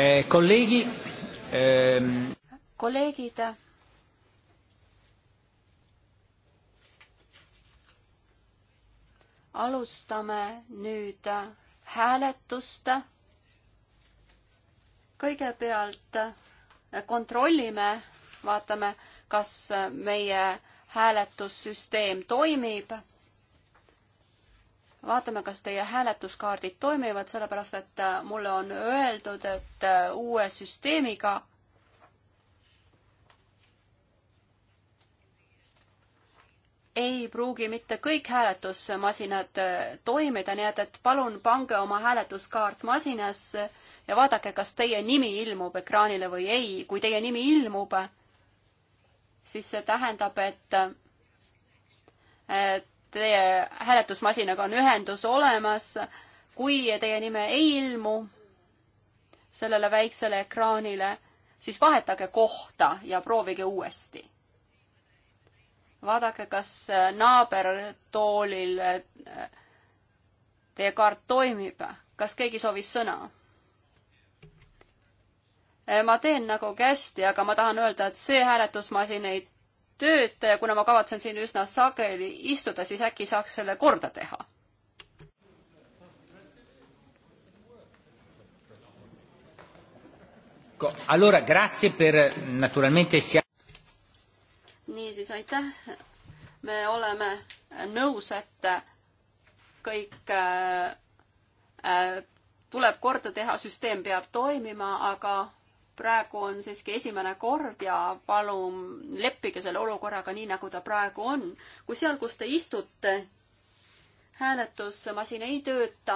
eh,. kolleegi eh.... kolleegid. alustame nüüd hääletust. kõigepealt kontrollime, vaatame, kas meie hääletussüsteem toimib vaatame, kas teie hääletuskaardid toimivad, sellepärast et äh, mulle on öeldud, et äh, uue süsteemiga ei pruugi mitte kõik hääletusmasinad äh, toimida, nii et, et palun pange oma hääletuskaart masinasse ja vaadake, kas teie nimi ilmub ekraanile või ei. kui teie nimi ilmub, siis see tähendab, et, et teie hääletusmasinaga on ühendus olemas. kui teie nime ei ilmu sellele väiksele ekraanile, siis vahetage kohta ja proovige uuesti. vaadake, kas äh, naabertoolil äh, teie kaart toimib, kas keegi soovis sõna? Äh, ma teen nagu kästi, aga ma tahan öelda, et see hääletusmasin ei tööta ja kuna ma kavatsen siin üsna sageli istuda, siis äkki saaks selle korda teha. Allora, grazie per naturalmente sia... niisiis, aitäh. me oleme nõus, et kõik äh, äh, tuleb korda teha, süsteem peab toimima, aga praegu on siiski esimene kord ja palun leppige selle olukorraga nii, nagu ta praegu on. kui seal, kus te istute, hääletusmasin ei tööta,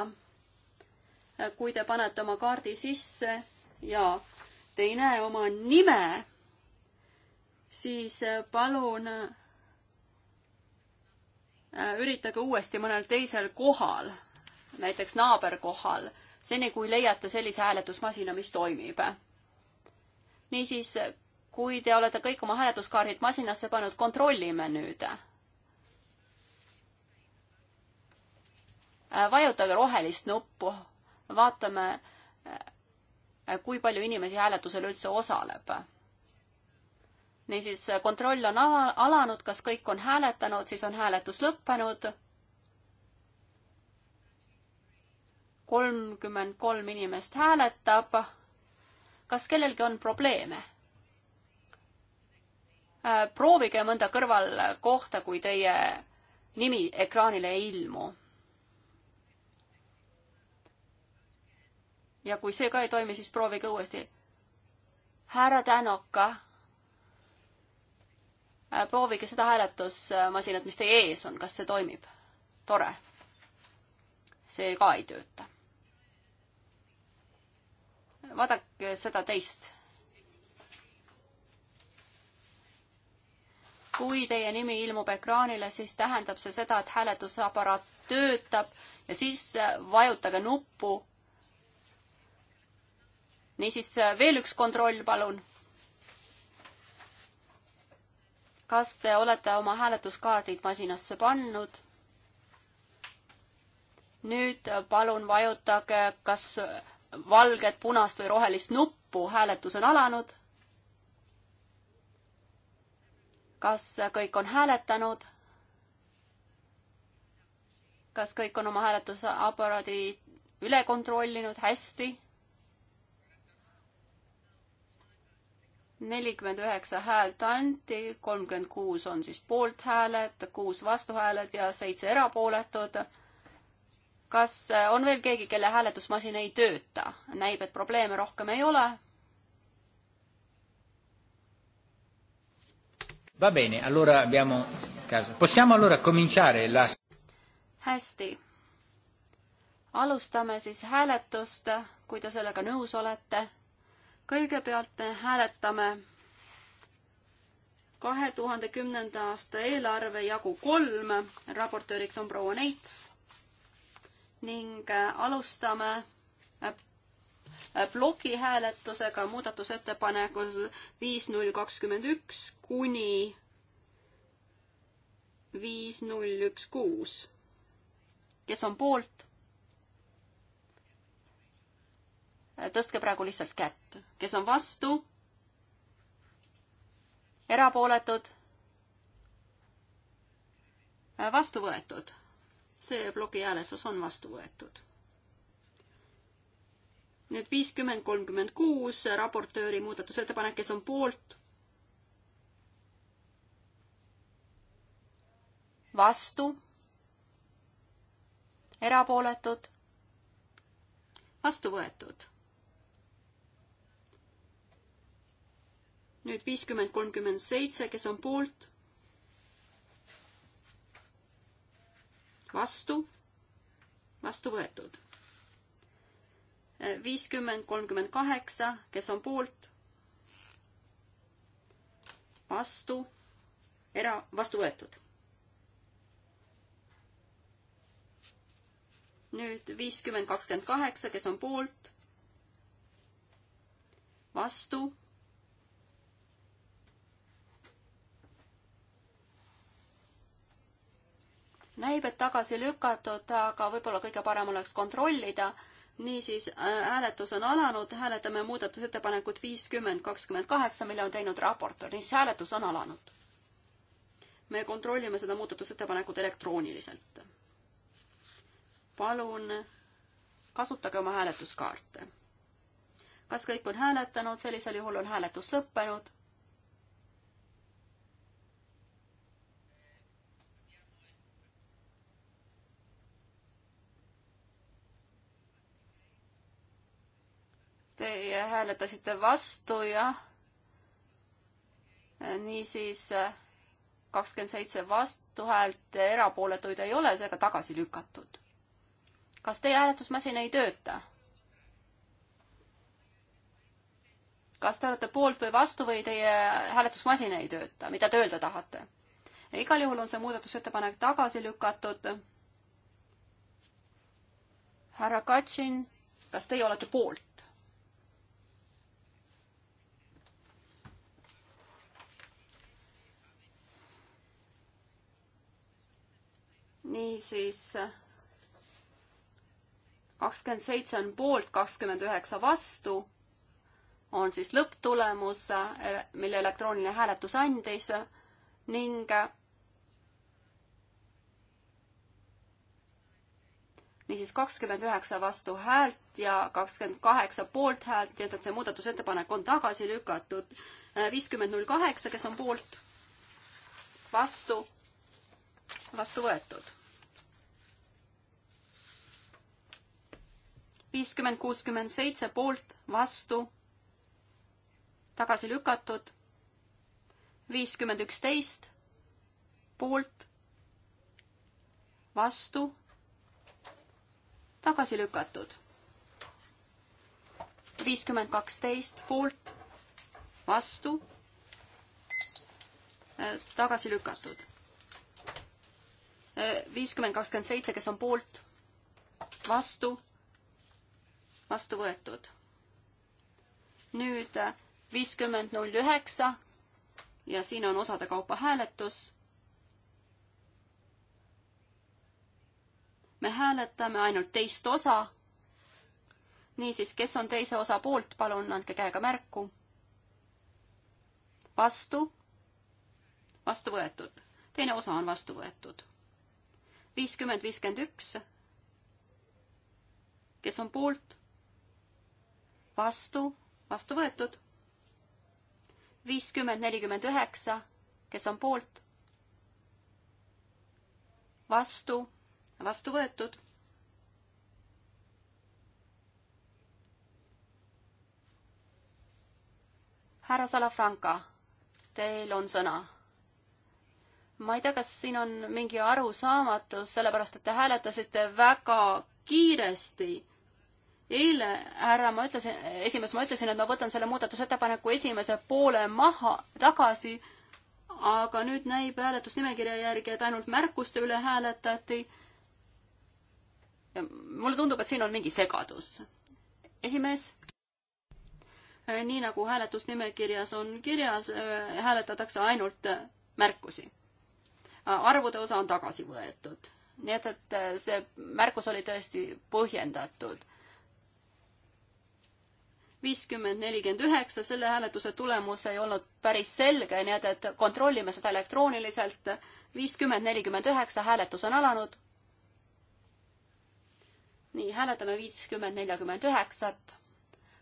kui te panete oma kaardi sisse ja te ei näe oma nime, siis palun äh, üritage uuesti mõnel teisel kohal, näiteks naaberkohal, seni kui leiate sellise hääletusmasina, mis toimib niisiis, kui te olete kõik oma hääletuskaardid masinasse pannud, kontrollime nüüd. Äh, vajutage rohelist nuppu, vaatame, äh, kui palju inimesi hääletusel üldse osaleb. niisiis, kontroll on alanud, kas kõik on hääletanud, siis on hääletus lõppenud. kolmkümmend kolm inimest hääletab kas kellelgi on probleeme? Äh, proovige mõnda kõrvalkohta, kui teie nimi ekraanile ei ilmu. ja kui see ka ei toimi, siis proovige uuesti. härra Tänoka, äh, proovige seda hääletusmasinat, mis teie ees on, kas see toimib? tore. see ka ei tööta vaadake seda teist. kui teie nimi ilmub ekraanile, siis tähendab see seda, et hääletusaparaat töötab ja siis vajutage nuppu. niisiis veel üks kontroll, palun kas te olete oma hääletuskaardid masinasse pannud. nüüd palun vajutage kas valget, punast või rohelist nuppu, hääletus on alanud. kas kõik on hääletanud? kas kõik on oma hääletusaparaadi üle kontrollinud hästi? nelikümmend üheksa häält anti, kolmkümmend kuus on siis poolthääled, kuus vastuhääled ja seitse erapooletut kas äh, on veel keegi, kelle hääletusmasin ei tööta? näib, et probleeme rohkem ei ole. Va bene, allora abbiamo caso. Possiamo allora cominciare la... hästi. alustame siis hääletust, kui te sellega nõus olete. kõigepealt me hääletame kahe tuhande kümnenda aasta eelarve jagu kolm, raportööriks on proua Neits ning äh, alustame äh, äh, plokihääletusega muudatusettepanekus viis null kakskümmend üks kuni viis null üks kuus. kes on poolt? tõstke praegu lihtsalt kätt. kes on vastu? erapooletud? vastu võetud see plokihääletus on vastu võetud. nüüd viiskümmend kolmkümmend kuus raportööri muudatusettepanek, kes on poolt, vastu, erapooletud, vastu võetud nüüd viiskümmend kolmkümmend seitse, kes on poolt, vastu, vastu võetud. viiskümmend, kolmkümmend kaheksa, kes on poolt, vastu, era-, vastu võetud. nüüd viiskümmend, kakskümmend kaheksa, kes on poolt, vastu näib, et tagasi lükatud, aga võib-olla kõige parem oleks kontrollida. niisiis, äh, hääletus on alanud, hääletame muudatusettepanekut viiskümmend kakskümmend kaheksa, mille on teinud raportöör, niisiis hääletus on alanud. me kontrollime seda muudatusettepanekut elektrooniliselt. palun kasutage oma hääletuskaarte. kas kõik on hääletanud, sellisel juhul on hääletus lõppenud teie hääletasite vastu, jah. niisiis kakskümmend seitse vastuhäält, erapooletuid ei ole, seega tagasi lükatud. kas teie hääletusmasin ei tööta? kas te olete poolt või vastu või teie hääletusmasin ei tööta, mida te öelda tahate? igal juhul on see muudatusettepanek tagasi lükatud. härra Katsin, kas teie olete poolt? niisiis kakskümmend seitse on poolt, kakskümmend üheksa vastu, on siis lõpptulemus, mille elektrooniline hääletus andis ning niisiis kakskümmend üheksa vastuhäält ja kakskümmend kaheksa poolthäält, nii et, et see muudatusettepanek on tagasi lükatud. viiskümmend null kaheksa, kes on poolt, vastu, vastu võetud viiskümmend, kuuskümmend seitse poolt, vastu, tagasi lükatud, viiskümmend üksteist poolt, vastu, tagasi lükatud, viiskümmend kaksteist poolt, vastu, äh, tagasi lükatud, äh, viiskümmend kakskümmend seitse, kes on poolt, vastu vastu võetud. nüüd viiskümmend null üheksa ja siin on osade kaupa hääletus. me hääletame ainult teist osa. niisiis, kes on teise osa poolt, palun andke käega märku. vastu, vastu võetud, teine osa on vastu võetud. viiskümmend, viiskümmend üks. kes on poolt vastu, vastu võetud. viiskümmend, nelikümmend üheksa, kes on poolt? vastu, vastu võetud. härra Salafranca, teil on sõna ma ei tea, kas siin on mingi arusaamatus, sellepärast et te hääletasite väga kiiresti eile, härra, ma ütlesin, esimees, ma ütlesin, et ma võtan selle muudatusettepaneku esimese poole maha, tagasi, aga nüüd näib hääletusnimekirja järgi, et ainult märkuste üle hääletati. mulle tundub, et siin on mingi segadus. esimees? nii nagu hääletusnimekirjas on kirjas, äh, hääletatakse ainult märkusi. arvude osa on tagasi võetud, nii et, et äh, see märkus oli tõesti põhjendatud viiskümmend, nelikümmend üheksa, selle hääletuse tulemus ei olnud päris selge, nii et, et kontrollime seda elektrooniliselt. viiskümmend, nelikümmend üheksa, hääletus on alanud. nii, hääletame viiskümmend, neljakümmend üheksat.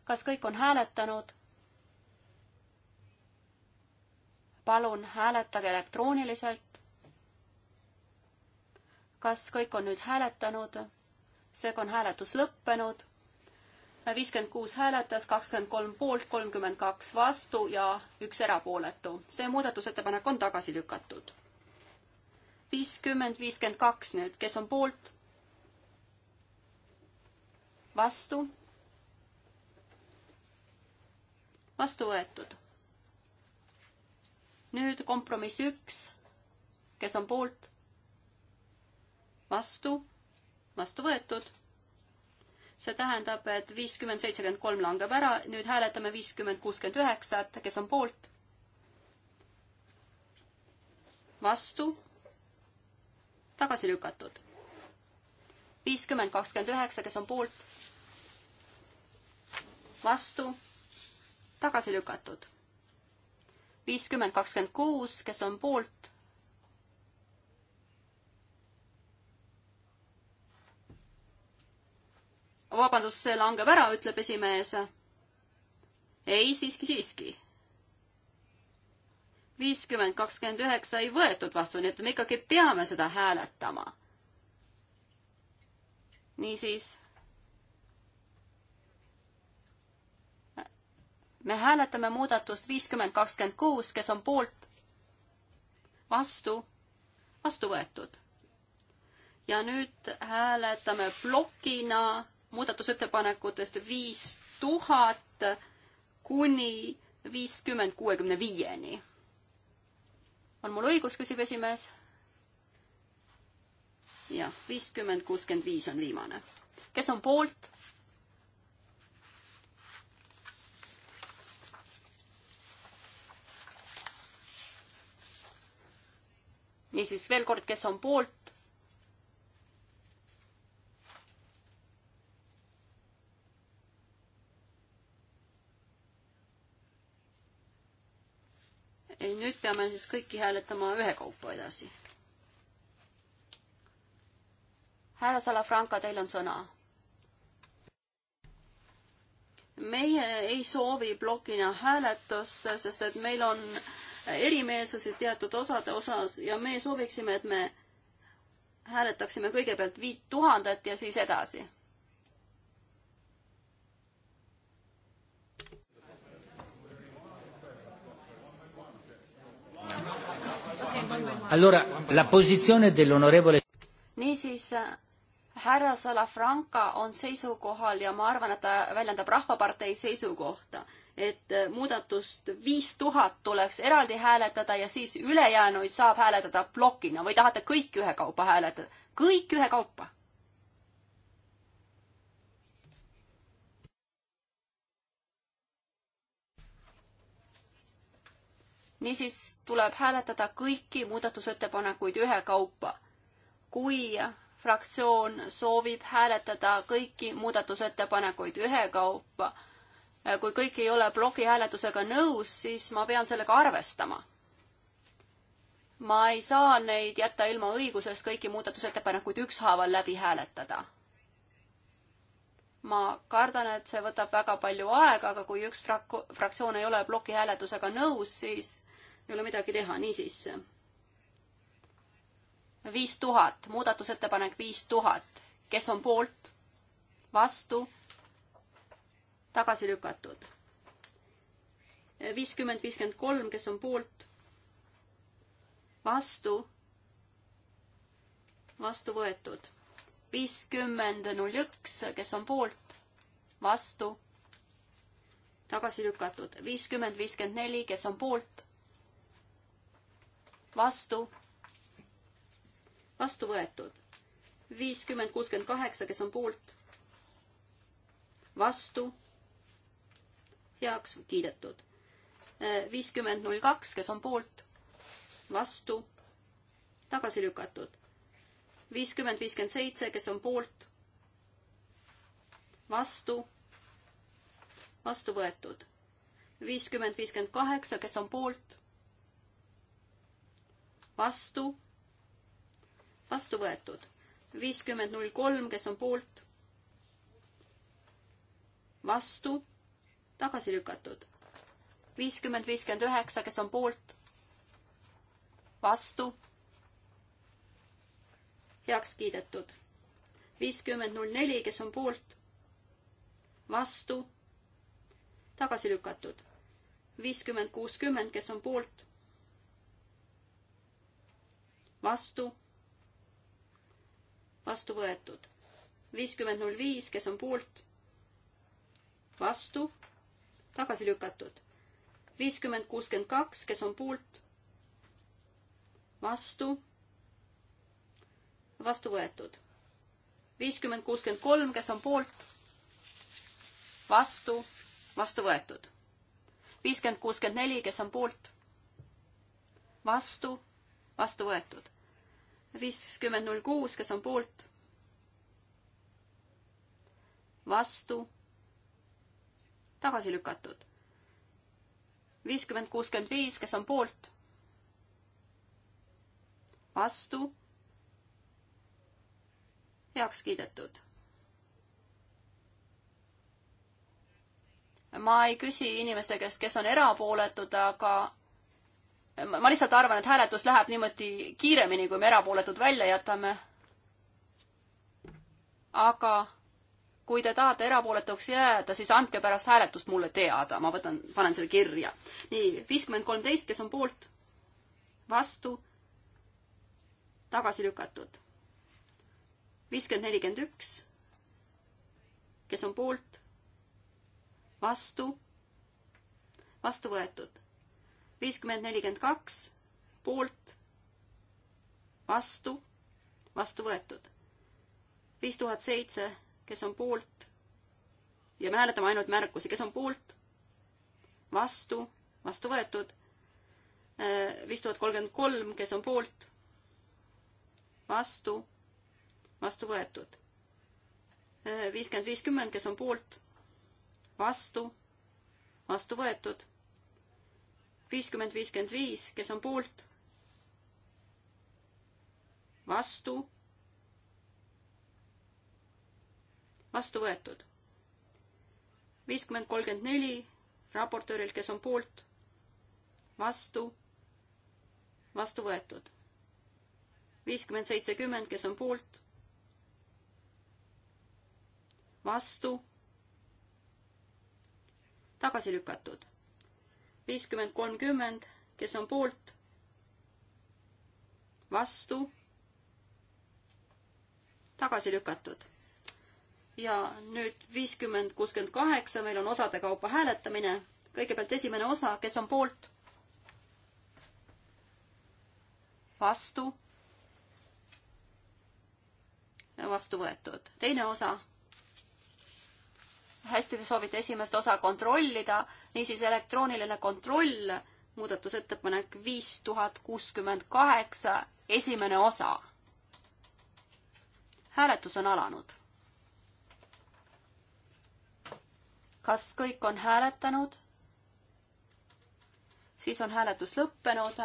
kas kõik on hääletanud? palun hääletage elektrooniliselt. kas kõik on nüüd hääletanud? seega on hääletus lõppenud viiskümmend kuus hääletas, kakskümmend kolm poolt, kolmkümmend kaks vastu ja üks erapooletu. see muudatusettepanek on tagasi lükatud. viiskümmend, viiskümmend kaks nüüd, kes on poolt? vastu? vastu võetud. nüüd kompromiss üks, kes on poolt? vastu? vastu võetud see tähendab, et viiskümmend, seitsekümmend kolm langeb ära, nüüd hääletame viiskümmend, kuuskümmend üheksat, kes on poolt? vastu? tagasi lükatud. viiskümmend, kakskümmend üheksa, kes on poolt? vastu? tagasi lükatud. viiskümmend, kakskümmend kuus, kes on poolt? vabandust, see langeb ära, ütleb esimees. ei, siiski, siiski. viiskümmend kakskümmend üheksa ei võetud vastu, nii et me ikkagi peame seda hääletama. niisiis. me hääletame muudatust viiskümmend kakskümmend kuus, kes on poolt, vastu, vastu võetud ja nüüd hääletame plokina muudatusettepanekutest viis tuhat kuni viiskümmend kuuekümne viieni. on mul õigus, küsib esimees? jah, viiskümmend kuuskümmend viis on viimane. kes on poolt? niisiis veel kord, kes on poolt? nüüd peame siis kõiki hääletama ühekaupa edasi. härra Salafranca, teil on sõna. meie ei soovi plokina hääletust, sest et meil on erimeelsusi teatud osade osas ja me sooviksime, et me hääletaksime kõigepealt viit tuhandet ja siis edasi Allora, la posizione dell'onorevole... niisiis, härra Salafranca on seisukohal ja ma arvan, et ta väljendab Rahvapartei seisukohta, et muudatust viis tuhat tuleks eraldi hääletada ja siis ülejäänuid saab hääletada plokina või tahate kõik ühekaupa hääletada? kõik ühekaupa niisiis tuleb hääletada kõiki muudatusettepanekuid ühekaupa. kui fraktsioon soovib hääletada kõiki muudatusettepanekuid ühekaupa, äh, kui kõik ei ole plokihääletusega nõus, siis ma pean sellega arvestama. ma ei saa neid jätta ilma õigusest kõiki muudatusettepanekuid ükshaaval läbi hääletada ma kardan, et see võtab väga palju aega, aga kui üks frak-, fraktsioon ei ole plokihääletusega nõus, siis ei ole midagi teha, niisiis. viis tuhat, muudatusettepanek viis tuhat, kes on poolt, vastu, tagasi lükatud. viiskümmend, viiskümmend kolm, kes on poolt, vastu, vastu võetud. viiskümmend, null üks, kes on poolt, vastu tagasi lükatud. viiskümmend, viiskümmend neli, kes on poolt, vastu, vastu võetud. viiskümmend, kuuskümmend kaheksa, kes on poolt, vastu, heaks kiidetud. viiskümmend, null kaks, kes on poolt, vastu, tagasi lükatud. viiskümmend, viiskümmend seitse, kes on poolt, vastu, vastu võetud. viiskümmend, viiskümmend kaheksa, kes on poolt vastu, vastu võetud. viiskümmend null kolm, kes on poolt, vastu, tagasi lükatud. viiskümmend viiskümmend üheksa, kes on poolt, vastu, heaks kiidetud. viiskümmend null neli, kes on poolt, vastu, tagasi lükatud. viiskümmend kuuskümmend, kes on poolt vastu, vastu võetud. viiskümmend null viis, kes on poolt, vastu, tagasi lükatud. viiskümmend kuuskümmend kaks, kes on poolt, vastu, vastu võetud. viiskümmend kuuskümmend kolm, kes on poolt, vastu, vastu võetud. viiskümmend kuuskümmend neli, kes on poolt, vastu, vastu võetud viiskümmend null kuus, kes on poolt? vastu? tagasi lükatud. viiskümmend kuuskümmend viis, kes on poolt? vastu? heaks kiidetud. ma ei küsi inimeste käest, kes on erapooletud, aga ma lihtsalt arvan, et hääletus läheb niimoodi kiiremini, kui me erapooletud välja jätame. aga kui te tahate erapooletuks jääda, siis andke pärast hääletust mulle teada, ma võtan, panen selle kirja. nii, viiskümmend kolmteist, kes on poolt, vastu, tagasi lükatud. viiskümmend nelikümmend üks, kes on poolt, vastu, vastu võetud viiskümmend nelikümmend kaks poolt, vastu, vastu võetud. viis tuhat seitse, kes on poolt ja me hääletame ainult märkusi, kes on poolt, vastu, vastu võetud. viis tuhat kolmkümmend kolm, kes on poolt, vastu, vastu võetud. viiskümmend viiskümmend, kes on poolt, vastu, vastu võetud viiskümmend, viiskümmend viis, kes on poolt? vastu? vastu võetud. viiskümmend, kolmkümmend neli raportöörilt, kes on poolt? vastu? vastu võetud. viiskümmend, seitsekümmend, kes on poolt? vastu? tagasi lükatud viiskümmend kolmkümmend, kes on poolt, vastu, tagasi lükatud. ja nüüd viiskümmend kuuskümmend kaheksa, meil on osade kaupa hääletamine. kõigepealt esimene osa, kes on poolt, vastu, vastu võetud. teine osa hästi, te soovite esimest osa kontrollida, niisiis elektrooniline kontroll, muudatusettepanek viis tuhat kuuskümmend kaheksa, esimene osa. hääletus on alanud. kas kõik on hääletanud? siis on hääletus lõppenud.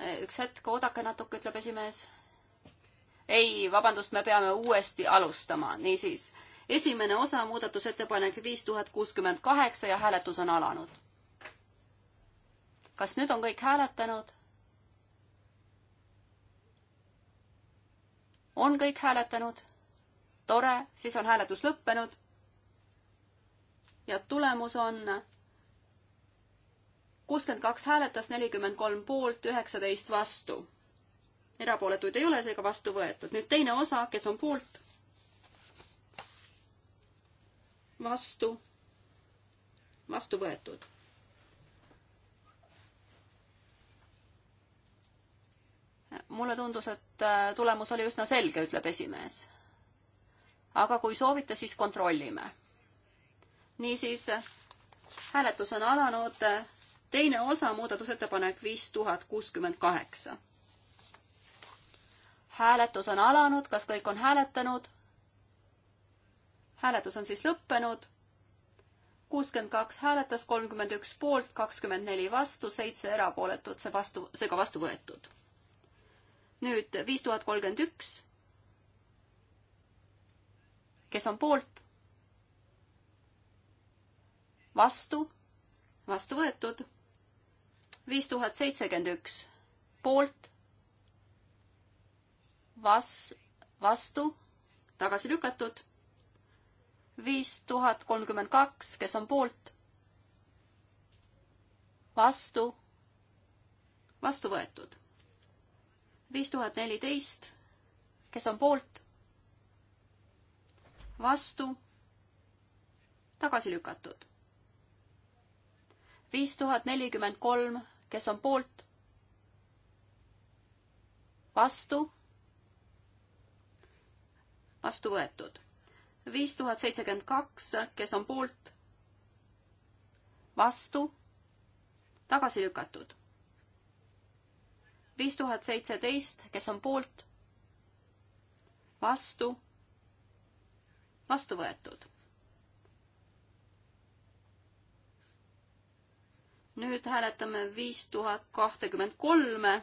E, üks hetk, oodake natuke, ütleb esimees. ei, vabandust, me peame uuesti alustama, niisiis esimene osa, muudatusettepanek viis tuhat kuuskümmend kaheksa ja hääletus on alanud. kas nüüd on kõik hääletanud? on kõik hääletanud? tore, siis on hääletus lõppenud. ja tulemus on kuuskümmend kaks hääletas, nelikümmend kolm poolt, üheksateist vastu. erapooletuid ei ole seega vastu võetud. nüüd teine osa, kes on poolt vastu, vastu võetud. mulle tundus, et äh, tulemus oli üsna selge, ütleb esimees. aga kui soovite, siis kontrollime. niisiis, hääletus on alanud, teine osa, muudatusettepanek viis tuhat kuuskümmend kaheksa hääletus on alanud, kas kõik on hääletanud? hääletus on siis lõppenud. kuuskümmend kaks hääletas, kolmkümmend üks poolt, kakskümmend neli vastu, seitse erapooletut, see vastu, seega vastu võetud. nüüd viis tuhat kolmkümmend üks. kes on poolt? vastu, vastu võetud. viis tuhat seitsekümmend üks poolt, vas-, vastu, tagasi lükatud viis tuhat kolmkümmend kaks, kes on poolt? vastu, vastu võetud. viis tuhat neliteist, kes on poolt? vastu, tagasi lükatud. viis tuhat nelikümmend kolm, kes on poolt? vastu, vastu võetud viis tuhat seitsekümmend kaks, kes on poolt, vastu, tagasi lükatud. viis tuhat seitseteist, kes on poolt, vastu, vastu võetud. nüüd hääletame viis tuhat kahtekümmend kolme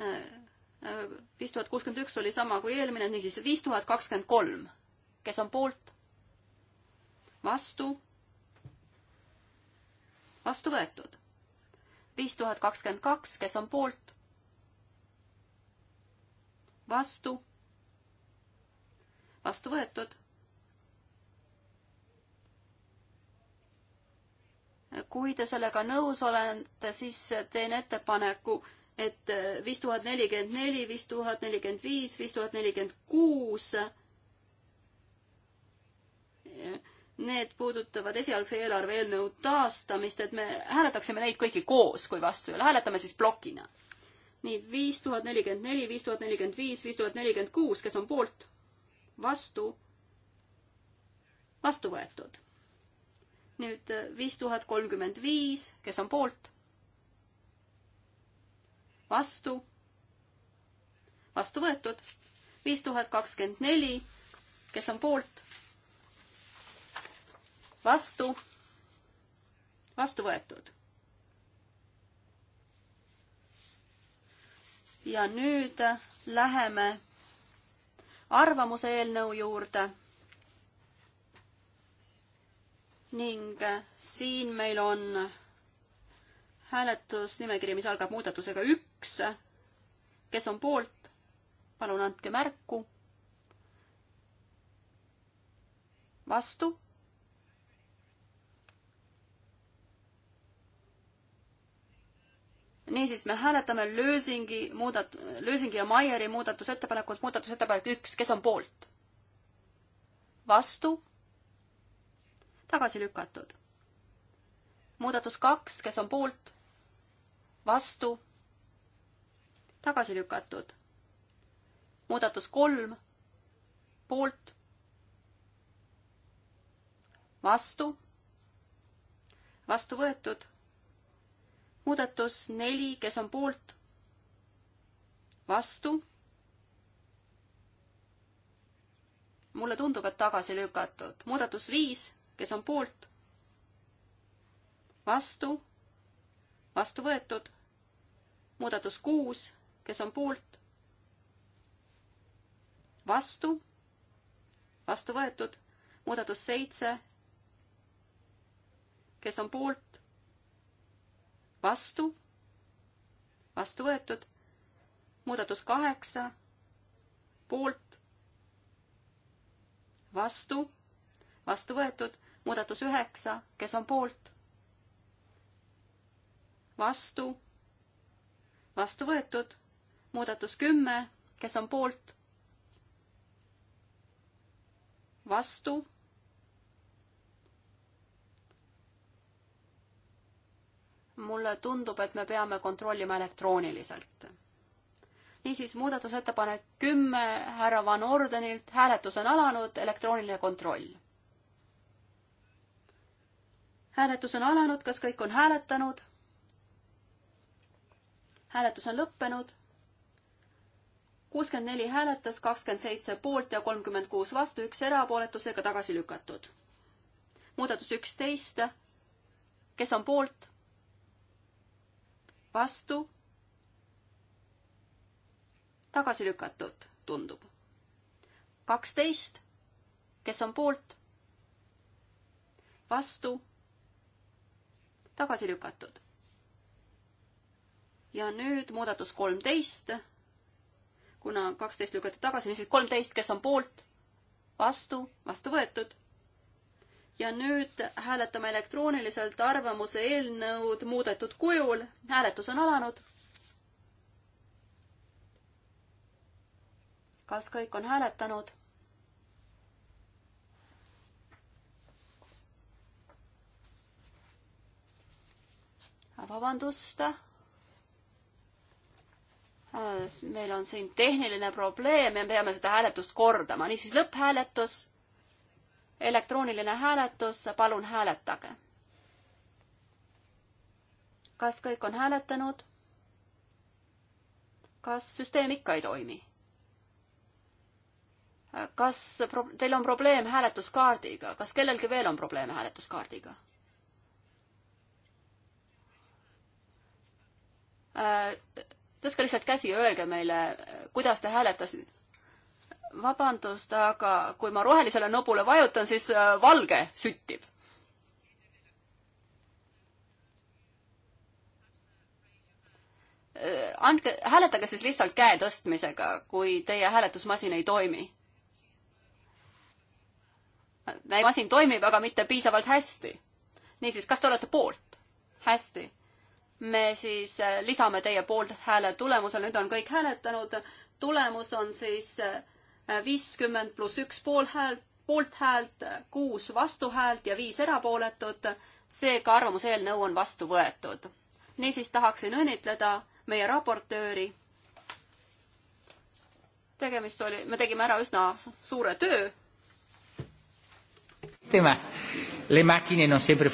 äh, äh, viis tuhat kuuskümmend üks oli sama kui eelmine, niisiis viis tuhat kakskümmend kolm kes on poolt, vastu, vastu võetud. viis tuhat kakskümmend kaks, kes on poolt, vastu, vastu võetud. kui te sellega nõus olete, siis teen ettepaneku et viis tuhat nelikümmend neli, viis tuhat nelikümmend viis, viis tuhat nelikümmend kuus Need puudutavad esialgse eelarve eelnõu taastamist, et me hääletaksime neid kõiki koos, kui vastu ei ole, hääletame siis plokina. nii, viis tuhat nelikümmend neli, viis tuhat nelikümmend viis, viis tuhat nelikümmend kuus, kes on poolt, vastu, vastu võetud. nüüd viis tuhat kolmkümmend viis, kes on poolt, vastu, vastu võetud, viis tuhat kakskümmend neli, kes on poolt vastu, vastu võetud. ja nüüd läheme arvamuse eelnõu juurde. ning siin meil on hääletusnimekiri, mis algab muudatusega üks. kes on poolt, palun andke märku. vastu niisiis, me hääletame Lösingi muudat-, Lösingi ja Maieri muudatusettepanekut, muudatusettepanek üks, kes on poolt? vastu? tagasi lükatud. muudatus kaks, kes on poolt? vastu? tagasi lükatud. muudatus kolm, poolt? vastu? vastu võetud muudatus neli, kes on poolt? vastu? mulle tundub, et tagasi lükatud. muudatus viis, kes on poolt? vastu? vastu võetud. muudatus kuus, kes on poolt? vastu? vastu võetud. muudatus seitse, kes on poolt? vastu, vastu võetud, muudatus kaheksa, poolt, vastu, vastu võetud, muudatus üheksa, kes on poolt, vastu, vastu võetud, muudatus kümme, kes on poolt, vastu mulle tundub, et me peame kontrollima elektrooniliselt. niisiis, muudatusettepanek kümme härra Van Ordenilt, hääletus on alanud, elektrooniline kontroll. hääletus on alanud, kas kõik on hääletanud? hääletus on lõppenud. kuuskümmend neli hääletas, kakskümmend seitse poolt ja kolmkümmend kuus vastu, üks erapooletusega tagasi lükatud. muudatus üksteist, kes on poolt? vastu, tagasi lükatud, tundub. kaksteist, kes on poolt, vastu, tagasi lükatud. ja nüüd muudatus kolmteist, kuna kaksteist lükati tagasi, niisiis kolmteist, kes on poolt, vastu, vastu võetud, ja nüüd hääletame elektrooniliselt arvamuse eelnõud muudetud kujul. hääletus on alanud. kas kõik on hääletanud? Ah, vabandust. Ah, meil on siin tehniline probleem ja me peame seda hääletust kordama, niisiis lõpphääletus elektrooniline hääletus, palun hääletage. kas kõik on hääletanud? kas süsteem ikka ei toimi? kas pro-, teil on probleem hääletuskaardiga, kas kellelgi veel on probleeme hääletuskaardiga? Äh, tõstke lihtsalt käsi ja öelge meile, kuidas te hääletasite vabandust, aga kui ma rohelisele nupule vajutan, siis äh, valge süttib. Äh, andke, hääletage siis lihtsalt käe tõstmisega, kui teie hääletusmasin ei toimi. masin toimib, aga mitte piisavalt hästi. niisiis, kas te olete poolt? hästi. me siis äh, lisame teie poolthääle tulemusel, nüüd on kõik hääletanud tulemus on siis viiskümmend pluss üks poolhäält, poolthäält, kuus vastuhäält ja viis erapooletut. seega arvamuseelnõu on vastu võetud. niisiis tahaksin õnnitleda meie raportööri. tegemist oli, me tegime ära üsna suure töö. tema, le macchine non sempre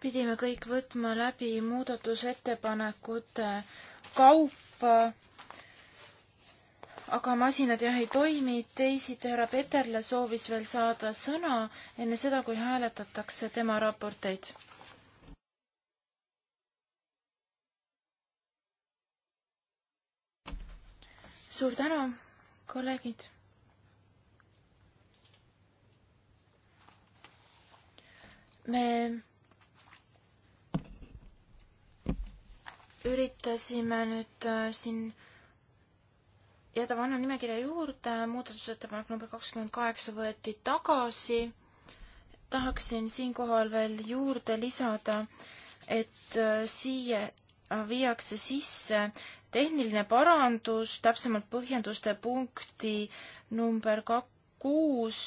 pidime kõik võtma läbi muudatusettepanekute kaupa aga masinad jah ei toimi. teisiti härra Peterle soovis veel saada sõna enne seda, kui hääletatakse tema raporteid. suur tänu, kolleegid. me üritasime nüüd äh, siin äh, jääda vana nimekirja juurde, muudatusettepanek number kakskümmend kaheksa võeti tagasi. tahaksin siinkohal veel juurde lisada, et äh, siia viiakse sisse tehniline parandus, täpsemalt põhjenduste punkti number kak-, kuus,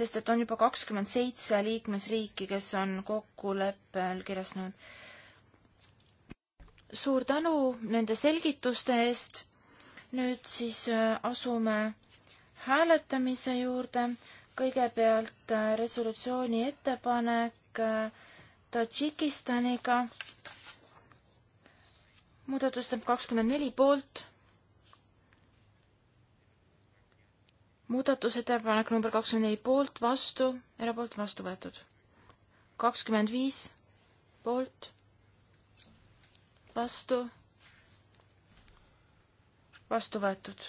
sest et on juba kakskümmend seitse liikmesriiki, kes on kokkuleppel kirjastanud. suur tänu nende selgituste eest nüüd siis äh, asume hääletamise juurde. kõigepealt äh, resolutsiooni ettepanek äh, Tadžikistaniga. muudatustab kakskümmend neli poolt. muudatusettepanek number kakskümmend neli poolt, vastu, erapoolt vastu võetud. kakskümmend viis poolt, vastu vastu võetud.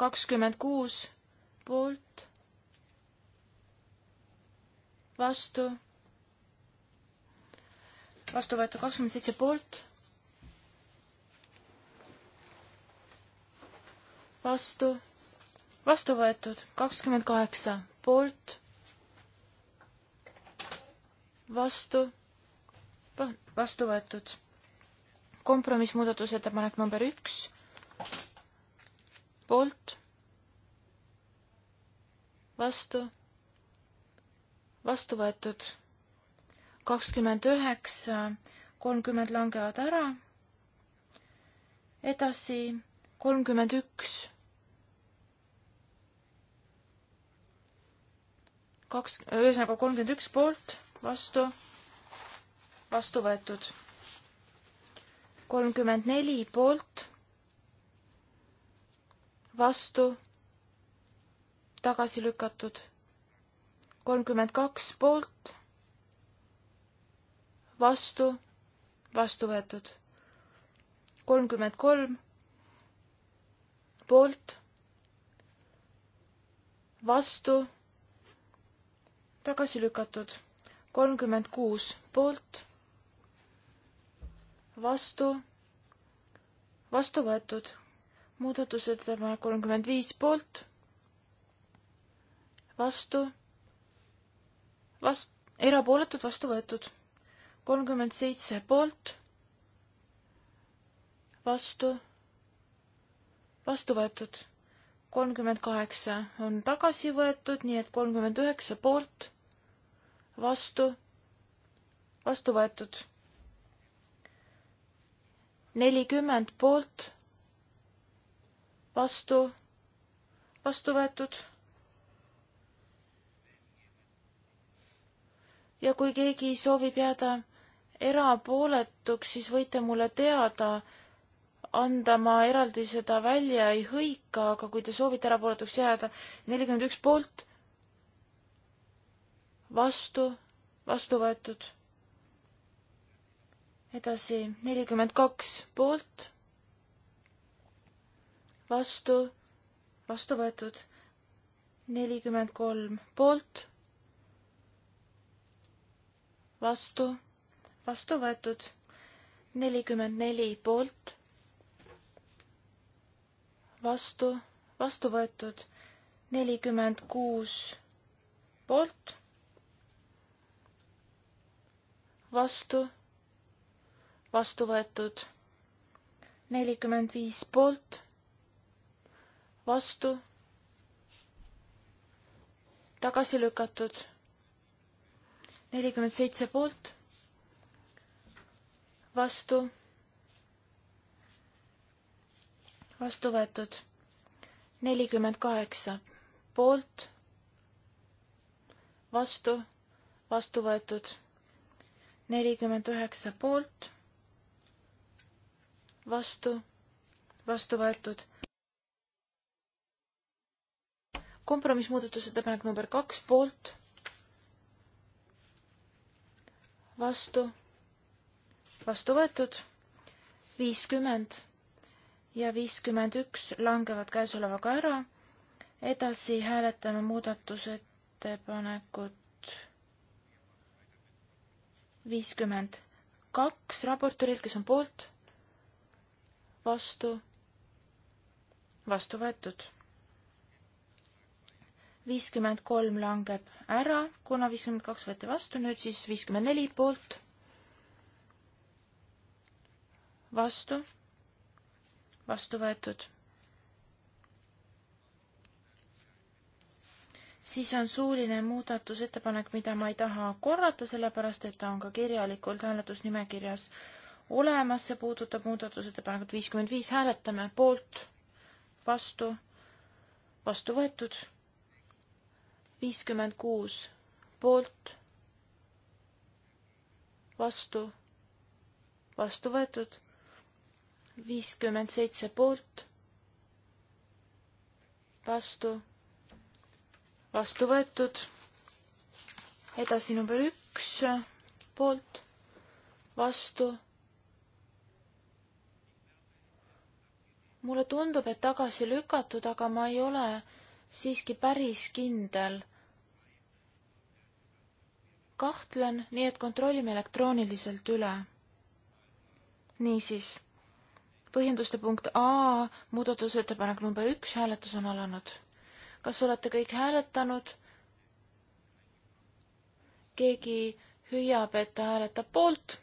kakskümmend kuus poolt, vastu, vastu võetud kakskümmend seitse poolt, vastu, vastu võetud kakskümmend kaheksa poolt, vastu, vastu võetud kompromissmuudatusettepanek number üks poolt, vastu, vastu võetud kakskümmend üheksa, kolmkümmend langevad ära. edasi kolmkümmend üks, kaks, ühesõnaga kolmkümmend üks poolt, vastu, vastu võetud. kolmkümmend neli poolt vastu, tagasi lükatud. kolmkümmend kaks poolt, vastu, vastu võetud. kolmkümmend kolm poolt, vastu, tagasi lükatud. kolmkümmend kuus poolt, vastu, vastu võetud muudatusettepanek kolmkümmend viis poolt, vastu, vast-, erapooletud, vastu võetud. kolmkümmend seitse poolt, vastu, vastu võetud. kolmkümmend kaheksa on tagasi võetud, nii et kolmkümmend üheksa poolt, vastu, vastu võetud. nelikümmend poolt vastu, vastu võetud. ja kui keegi soovib jääda erapooletuks, siis võite mulle teada anda, ma eraldi seda välja ei hõika, aga kui te soovite erapooletuks jääda, nelikümmend üks poolt, vastu, vastu võetud edasi nelikümmend kaks poolt, vastu, vastu võetud nelikümmend kolm poolt, vastu, vastu võetud, nelikümmend neli poolt, vastu, vastu võetud, nelikümmend kuus poolt, vastu, vastu võetud, nelikümmend viis poolt vastu, tagasi lükatud, nelikümmend seitse poolt, vastu, vastu võetud, nelikümmend kaheksa poolt, vastu, vastu võetud, nelikümmend üheksa poolt, vastu, vastu võetud, kompromissmuudatusettepanek number kaks poolt, vastu, vastu võetud, viiskümmend ja viiskümmend üks langevad käesolevaga ära. edasi hääletame muudatusettepanekut viiskümmend kaks raportöörilt, kes on poolt, vastu, vastu võetud viiskümmend kolm langeb ära, kuna viiskümmend kaks võeti vastu, nüüd siis viiskümmend neli poolt, vastu, vastu võetud. siis on suuline muudatusettepanek, mida ma ei taha korrata, sellepärast et ta on ka kirjalikult hääletusnimekirjas olemas, see puudutab muudatusettepanekut viiskümmend viis, hääletame poolt, vastu, vastu võetud viiskümmend kuus poolt, vastu, vastu võetud, viiskümmend seitse poolt, vastu, vastu võetud, edasi number üks, poolt, vastu. mulle tundub, et tagasi lükatud, aga ma ei ole siiski päris kindel kahtlen, nii et kontrollime elektrooniliselt üle. niisiis, põhjenduste punkt A, muudatusettepanek number üks, hääletus on alanud. kas olete kõik hääletanud? keegi hüüab, et ta hääletab poolt.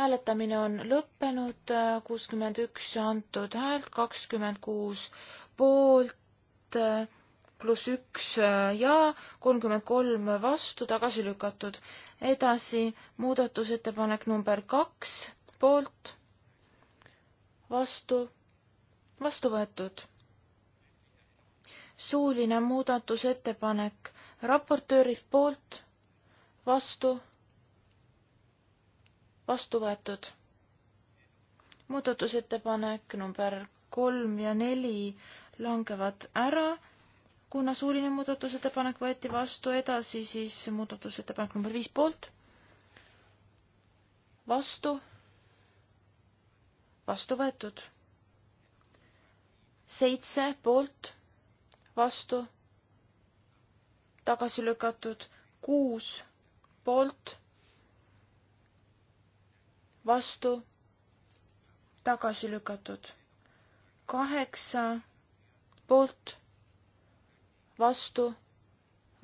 hääletamine on lõppenud, kuuskümmend üks antud häält, kakskümmend kuus poolt pluss üks äh, ja kolmkümmend kolm vastu tagasi lükatud. edasi muudatusettepanek number kaks poolt, vastu, vastu võetud. suuline muudatusettepanek raportöörilt poolt, vastu, vastu võetud. muudatusettepanek number kolm ja neli langevad ära kuna suuline muudatusettepanek võeti vastu edasi, siis muudatusettepanek number viis poolt, vastu, vastu võetud. seitse poolt, vastu, tagasi lükatud, kuus poolt, vastu, tagasi lükatud, kaheksa poolt vastu,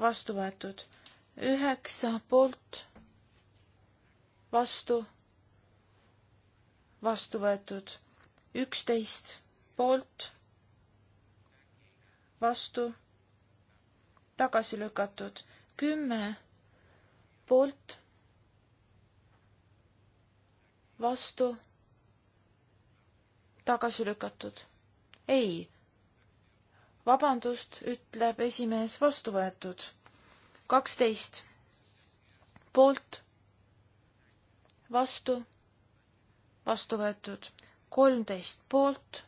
vastu võetud. üheksa poolt, vastu, vastu võetud. üksteist poolt, vastu, tagasi lükatud. kümme poolt, vastu, tagasi lükatud. ei vabandust, ütleb esimees, vastu võetud. kaksteist poolt, vastu, vastu võetud. kolmteist poolt.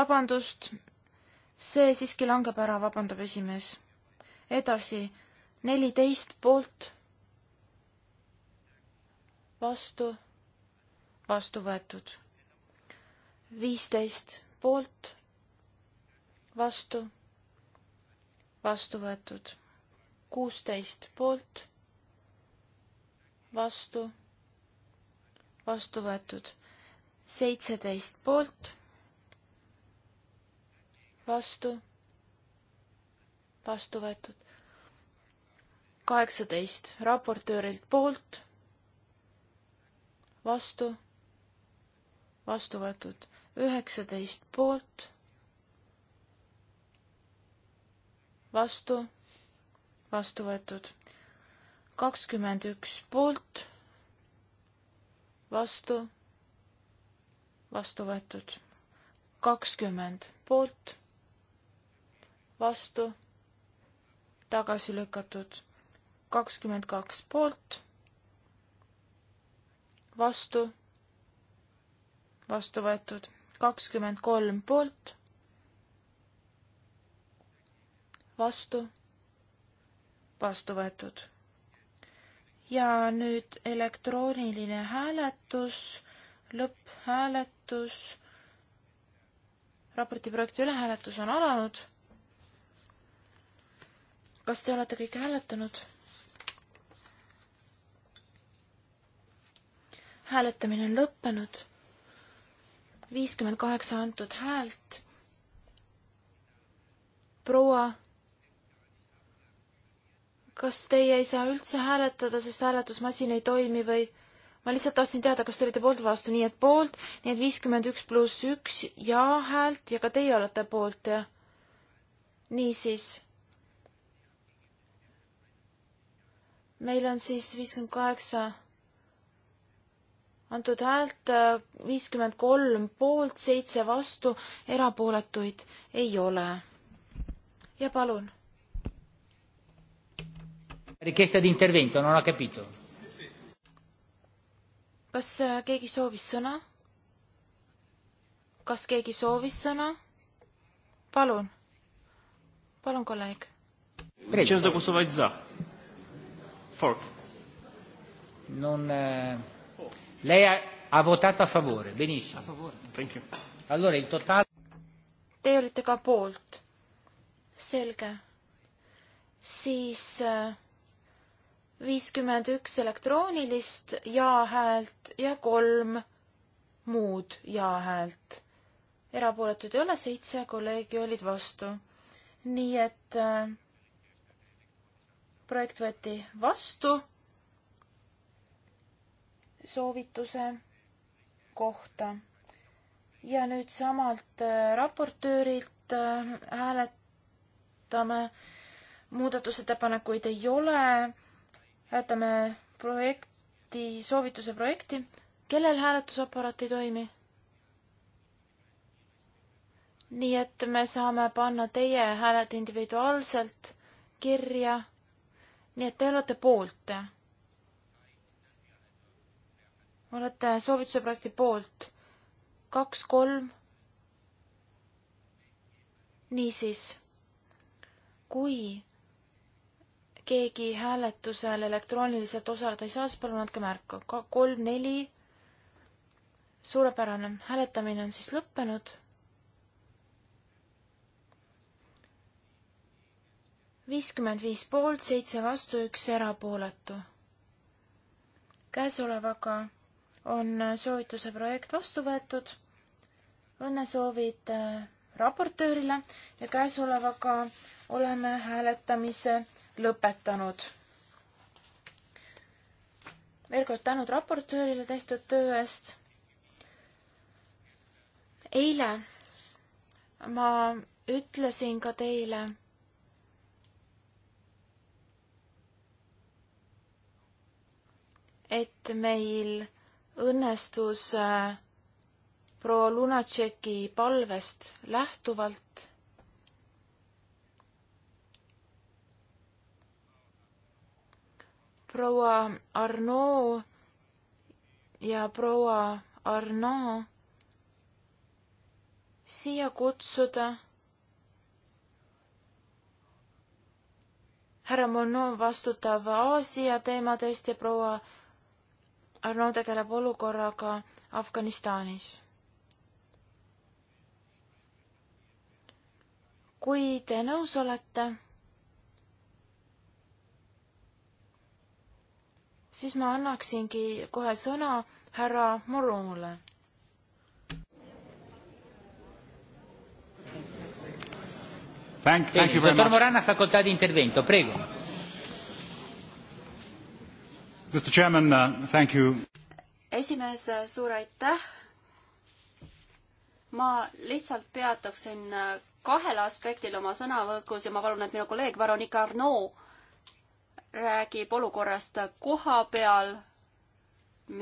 vabandust, see siiski langeb ära, vabandab esimees. edasi, neliteist poolt, vastu, vastu võetud viisteist poolt, vastu, vastu võetud. kuusteist poolt, vastu, vastu võetud. seitseteist poolt, vastu, vastu võetud kaheksateist raportöörilt poolt, vastu, vastu võetud üheksateist poolt, vastu, vastu võetud, kakskümmend üks poolt, vastu, vastu võetud, kakskümmend poolt, vastu, tagasi lükatud, kakskümmend kaks poolt, vastu, vastu võetud kakskümmend kolm poolt, vastu, vastu võetud. ja nüüd elektrooniline hääletus, lõpphääletus, raporti projekti ülehääletus on alanud. kas te olete kõik hääletanud? hääletamine on lõppenud viiskümmend kaheksa antud häält. proua, kas teie ei saa üldse hääletada, sest hääletusmasin ei toimi või? ma lihtsalt tahtsin teada, kas te olite poolt või vastu, nii et poolt, nii et viiskümmend üks pluss üks ja-häält ja ka teie olete poolt, jah? niisiis. meil on siis viiskümmend kaheksa antud häält äh, viiskümmend kolm poolt, seitse vastu, erapooletuid ei ole. ja palun. Richiesta di intervento, non ho capito. kas äh, keegi soovis sõna? kas keegi soovis sõna? palun, palun, kolleeg. Chciałem zagłosować za. For. Non eh Lei ha, ha votato a favore, benissimo. A favore. Thank you. Allora il totale... Te olite ka poolt. Selge. Siis eh, viiskümmend üks elektroonilist ja-häält ja kolm muud ja-häält. erapooletuid ei ole, seitse kolleegi olid vastu. nii et äh, projekt võeti vastu soovituse kohta. ja nüüd samalt äh, raportöörilt äh, hääletame, muudatusettepanekuid ei ole, hääletame projekti, soovituse projekti. kellel hääletusaparaat ei toimi? nii et me saame panna teie hääled individuaalselt kirja. nii et te olete poolt olete soovituse projekti poolt kaks, kolm. niisiis, kui keegi hääletusel elektrooniliselt osaleda ei saa, siis palun andke märku. kolm, neli. suurepärane, hääletamine on siis lõppenud. viiskümmend viis poolt, seitse vastu, üks erapooletu. käesolevaga on soovituse projekt vastu võetud. õnnesoovid äh, raportöörile ja käesolevaga oleme hääletamise lõpetanud. veel kord tänud raportöörile tehtud töö eest. eile ma ütlesin ka teile, et meil õnnestus äh, proua Lunatšeki palvest lähtuvalt proua Arnaud ja proua Arnaud siia kutsuda härra Monon vastutab Aasia teemadest ja proua Arno tegeleb olukorraga Afganistanis. kui te nõus olete, siis ma annaksingi kohe sõna härra Morumule. Thank, thank you very much. Dottor Moran ha facoltà di intervento, prego Mr Chairman uh,, thank you. esimees, uh, suur aitäh. ma lihtsalt peatuksin uh, kahel aspektil oma sõnavõtus ja ma palun, et minu kolleeg Veronika Arnaud räägib olukorrast koha peal,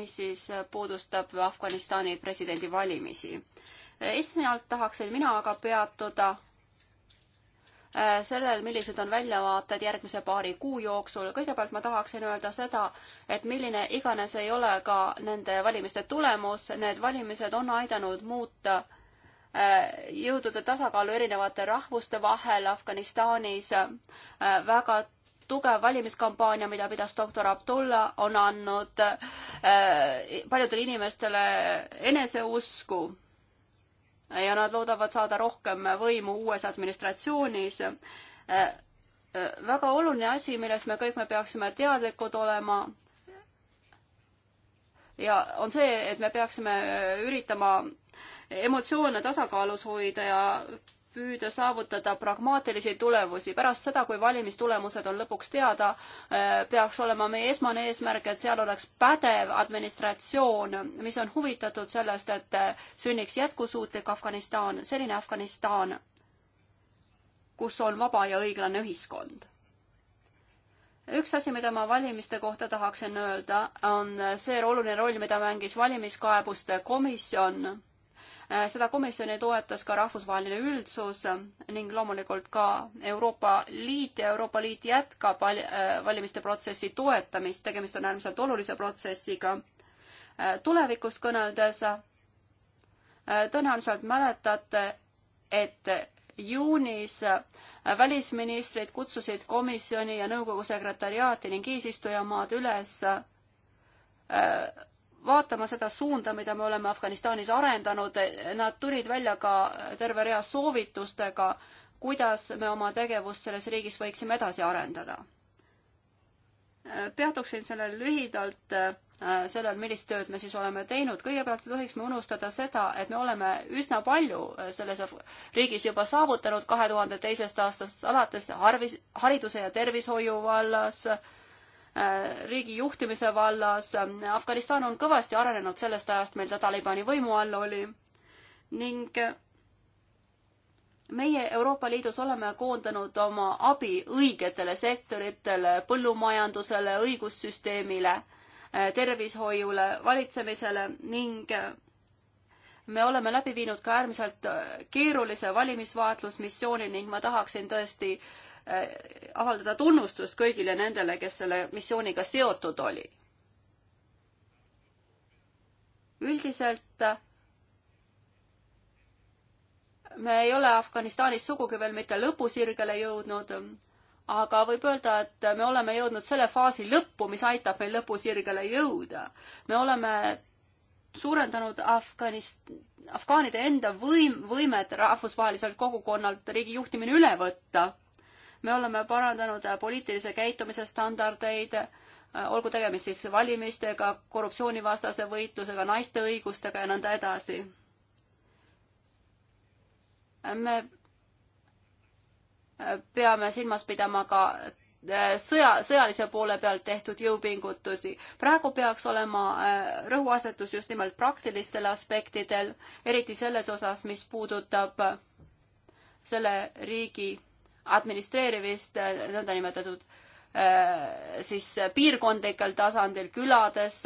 mis siis uh, puudustab Afganistani presidendivalimisi. esmalt tahaksin mina aga peatuda Äh, sellel, millised on väljavaated järgmise paari kuu jooksul. kõigepealt ma tahaksin öelda seda, et milline iganes ei ole ka nende valimiste tulemus, need valimised on aidanud muuta äh, jõudude tasakaalu erinevate rahvuste vahel Afganistanis. Äh, väga tugev valimiskampaania, mida pidas doktor Abdullah, on andnud paljudele inimestele eneseusku ja nad loodavad saada rohkem võimu uues administratsioonis. väga oluline asi, milles me kõik me peaksime teadlikud olema, ja on see, et me peaksime üritama emotsioone tasakaalus hoida ja püüda saavutada pragmaatilisi tulemusi. pärast seda, kui valimistulemused on lõpuks teada, eh, peaks olema meie esmane eesmärk, et seal oleks pädev administratsioon, mis on huvitatud sellest, et eh, sünniks jätkusuutlik Afganistan, selline Afganistan, kus on vaba ja õiglane ühiskond üks asi, mida ma valimiste kohta tahaksin öelda, on eh, see oluline roll, mida mängis valimiskaebuste komisjon Äh, seda komisjoni toetas ka rahvusvaheline üldsus ning loomulikult ka Euroopa Liit ja Euroopa Liit jätkab äh, valimiste protsessi toetamist, tegemist on äärmiselt olulise protsessiga. Äh, tulevikust kõneldes tõenäoliselt mäletate, et juunis välisministrid kutsusid komisjoni ja nõukogu sekretariaati ning eesistujamaad üles vaatama seda suunda, mida me oleme Afganistanis arendanud. Nad tulid välja ka terve rea soovitustega, kuidas me oma tegevust selles riigis võiksime edasi arendada. peatuksin sellel lühidalt äh, sellel, millist tööd me siis oleme teinud. kõigepealt ei tohiks me unustada seda, et me oleme üsna palju äh, selles riigis juba saavutanud kahe tuhande teisest aastast alates harvis, hariduse ja tervishoiu vallas äh, Äh, riigi juhtimise vallas. Äh, Afganistan on kõvasti arenenud sellest ajast, mil ta Talibani võimu all oli ning äh, meie Euroopa Liidus oleme koondanud oma abi õigetele sektoritele, põllumajandusele, õigussüsteemile, tervishoiule, valitsemisele ning me oleme läbi viinud ka äärmiselt keerulise valimisvaatlusmissiooni ning ma tahaksin tõesti äh, Äh, avaldada tunnustust kõigile nendele, kes selle missiooniga seotud oli. üldiselt äh, me ei ole Afganistanis sugugi veel mitte lõpusirgele jõudnud, aga võib öelda, et me oleme jõudnud selle faasi lõppu, mis aitab meil lõpusirgele jõuda. me oleme suurendanud Afganist-, afgaanide enda võim, võimet rahvusvaheliselt kogukonnalt riigi juhtimine üle võtta me oleme parandanud äh, poliitilise käitumise standardeid, äh, olgu tegemist siis valimistega, korruptsioonivastase võitlusega, naiste õigustega ja nõnda edasi. Äh, me peame silmas pidama ka sõja, sõjalise poole pealt tehtud jõupingutusi. praegu peaks olema rõhuasetus just nimelt praktilistel aspektidel, eriti selles osas, mis puudutab selle riigi administreerimist äh, nõndanimetatud äh, siis piirkondlikel tasandil, külades.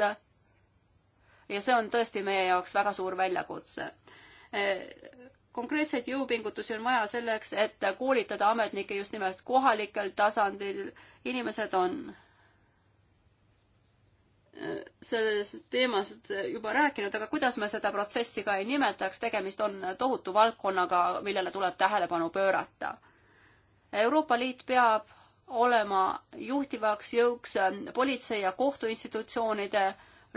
ja see on tõesti meie jaoks väga suur väljakutse. Äh, konkreetseid jõupingutusi on vaja selleks, et koolitada ametnikke just nimelt kohalikel tasandil. inimesed on sellest teemast juba rääkinud, aga kuidas me seda protsessi ka ei nimetaks, tegemist on tohutu valdkonnaga, millele tuleb tähelepanu pöörata Euroopa Liit peab olema juhtivaks jõuks politsei ja kohtuinstitutsioonide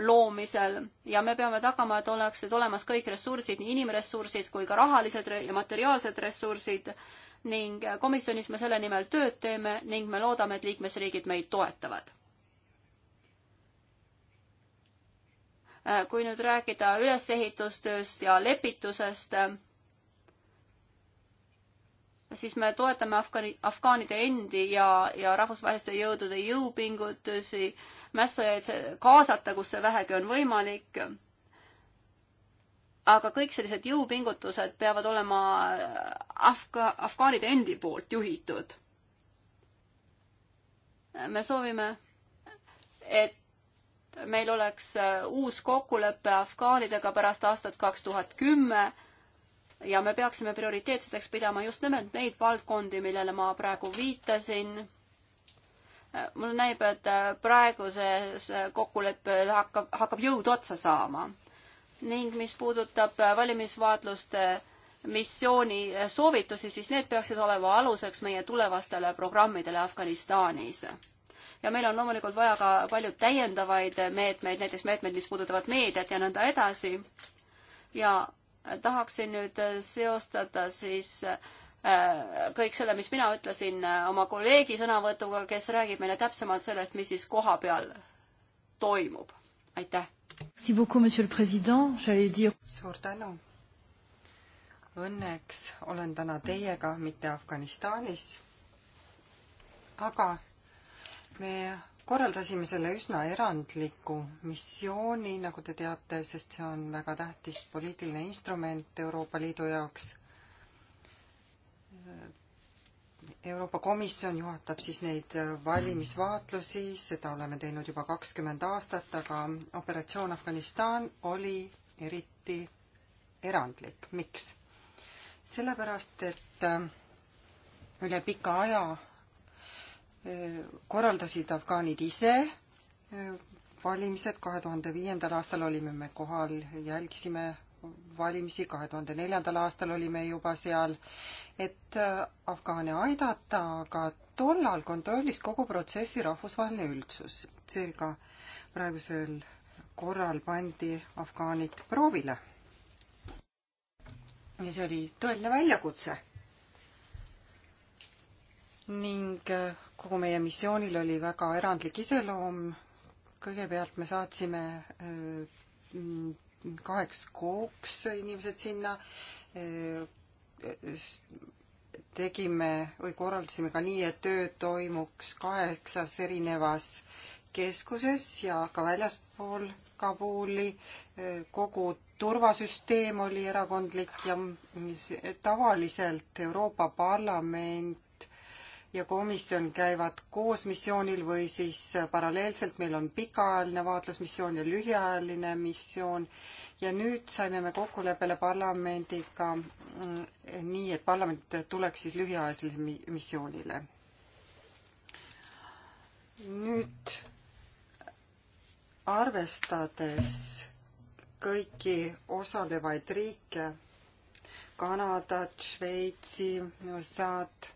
loomisel ja me peame tagama, et oleksid olemas kõik ressursid, nii inimressursid kui ka rahalised ja materiaalsed ressursid ning komisjonis me selle nimel tööd teeme ning me loodame, et liikmesriigid meid toetavad. kui nüüd rääkida ülesehitustööst ja lepitusest, siis me toetame afgaani, afgaanide endi ja, ja rahvusvaheliste jõudude jõupingutusi, mässajaid kaasata, kus see vähegi on võimalik. aga kõik sellised jõupingutused peavad olema afga-, afgaanide endi poolt juhitud. me soovime, et meil oleks äh, uus kokkulepe afgaanidega pärast aastat kaks tuhat kümme ja me peaksime prioriteetseteks pidama just nimelt neid valdkondi, millele ma praegu viitasin. mulle näib, et praeguses kokkulepe hakkab, hakkab jõud otsa saama ning mis puudutab valimisvaatluste missiooni soovitusi, siis need peaksid olema aluseks meie tulevastele programmidele Afganistanis. ja meil on loomulikult vaja ka palju täiendavaid meetmeid, näiteks meetmeid, mis puudutavad meediat ja nõnda edasi. ja tahaksin nüüd seostada siis äh, kõik selle, mis mina ütlesin äh, oma kolleegi sõnavõtuga, kes räägib meile täpsemalt sellest, mis siis koha peal toimub. aitäh! suur tänu! Õnneks olen täna teiega, mitte Afganistanis. aga me korraldasime selle üsna erandliku missiooni, nagu te teate, sest see on väga tähtis poliitiline instrument Euroopa Liidu jaoks. Euroopa Komisjon juhatab siis neid valimisvaatlusi, seda oleme teinud juba kakskümmend aastat, aga operatsioon Afganistan oli eriti erandlik. miks? sellepärast, et üle pika aja korraldasid afgaanid ise e, valimised, kahe tuhande viiendal aastal olime me kohal, jälgisime valimisi, kahe tuhande neljandal aastal olime juba seal, et e, afgaane aidata, aga tollal kontrollis kogu protsessi rahvusvaheline üldsus. seega praegusel korral pandi afgaanid proovile. ja see oli tõeline väljakutse. ning e, kogu meie missioonil oli väga erandlik iseloom. kõigepealt me saatsime äh, kaheks kuuks inimesed sinna, äh, tegime või korraldasime ka nii, et töö toimuks kaheksas erinevas keskuses ja ka väljaspool Kabuli. Äh, kogu turvasüsteem oli erakondlik ja tavaliselt Euroopa Parlament ja komisjon käivad koos missioonil või siis äh, paralleelselt, meil on pikaajaline vaatlusmissioon ja lühiajaline missioon ja nüüd saime me kokkuleppele parlamendiga mm, nii, et parlament tuleks siis lühiajalisele missioonile. nüüd arvestades kõiki osalevaid riike, Kanadat, Šveitsi, USA-d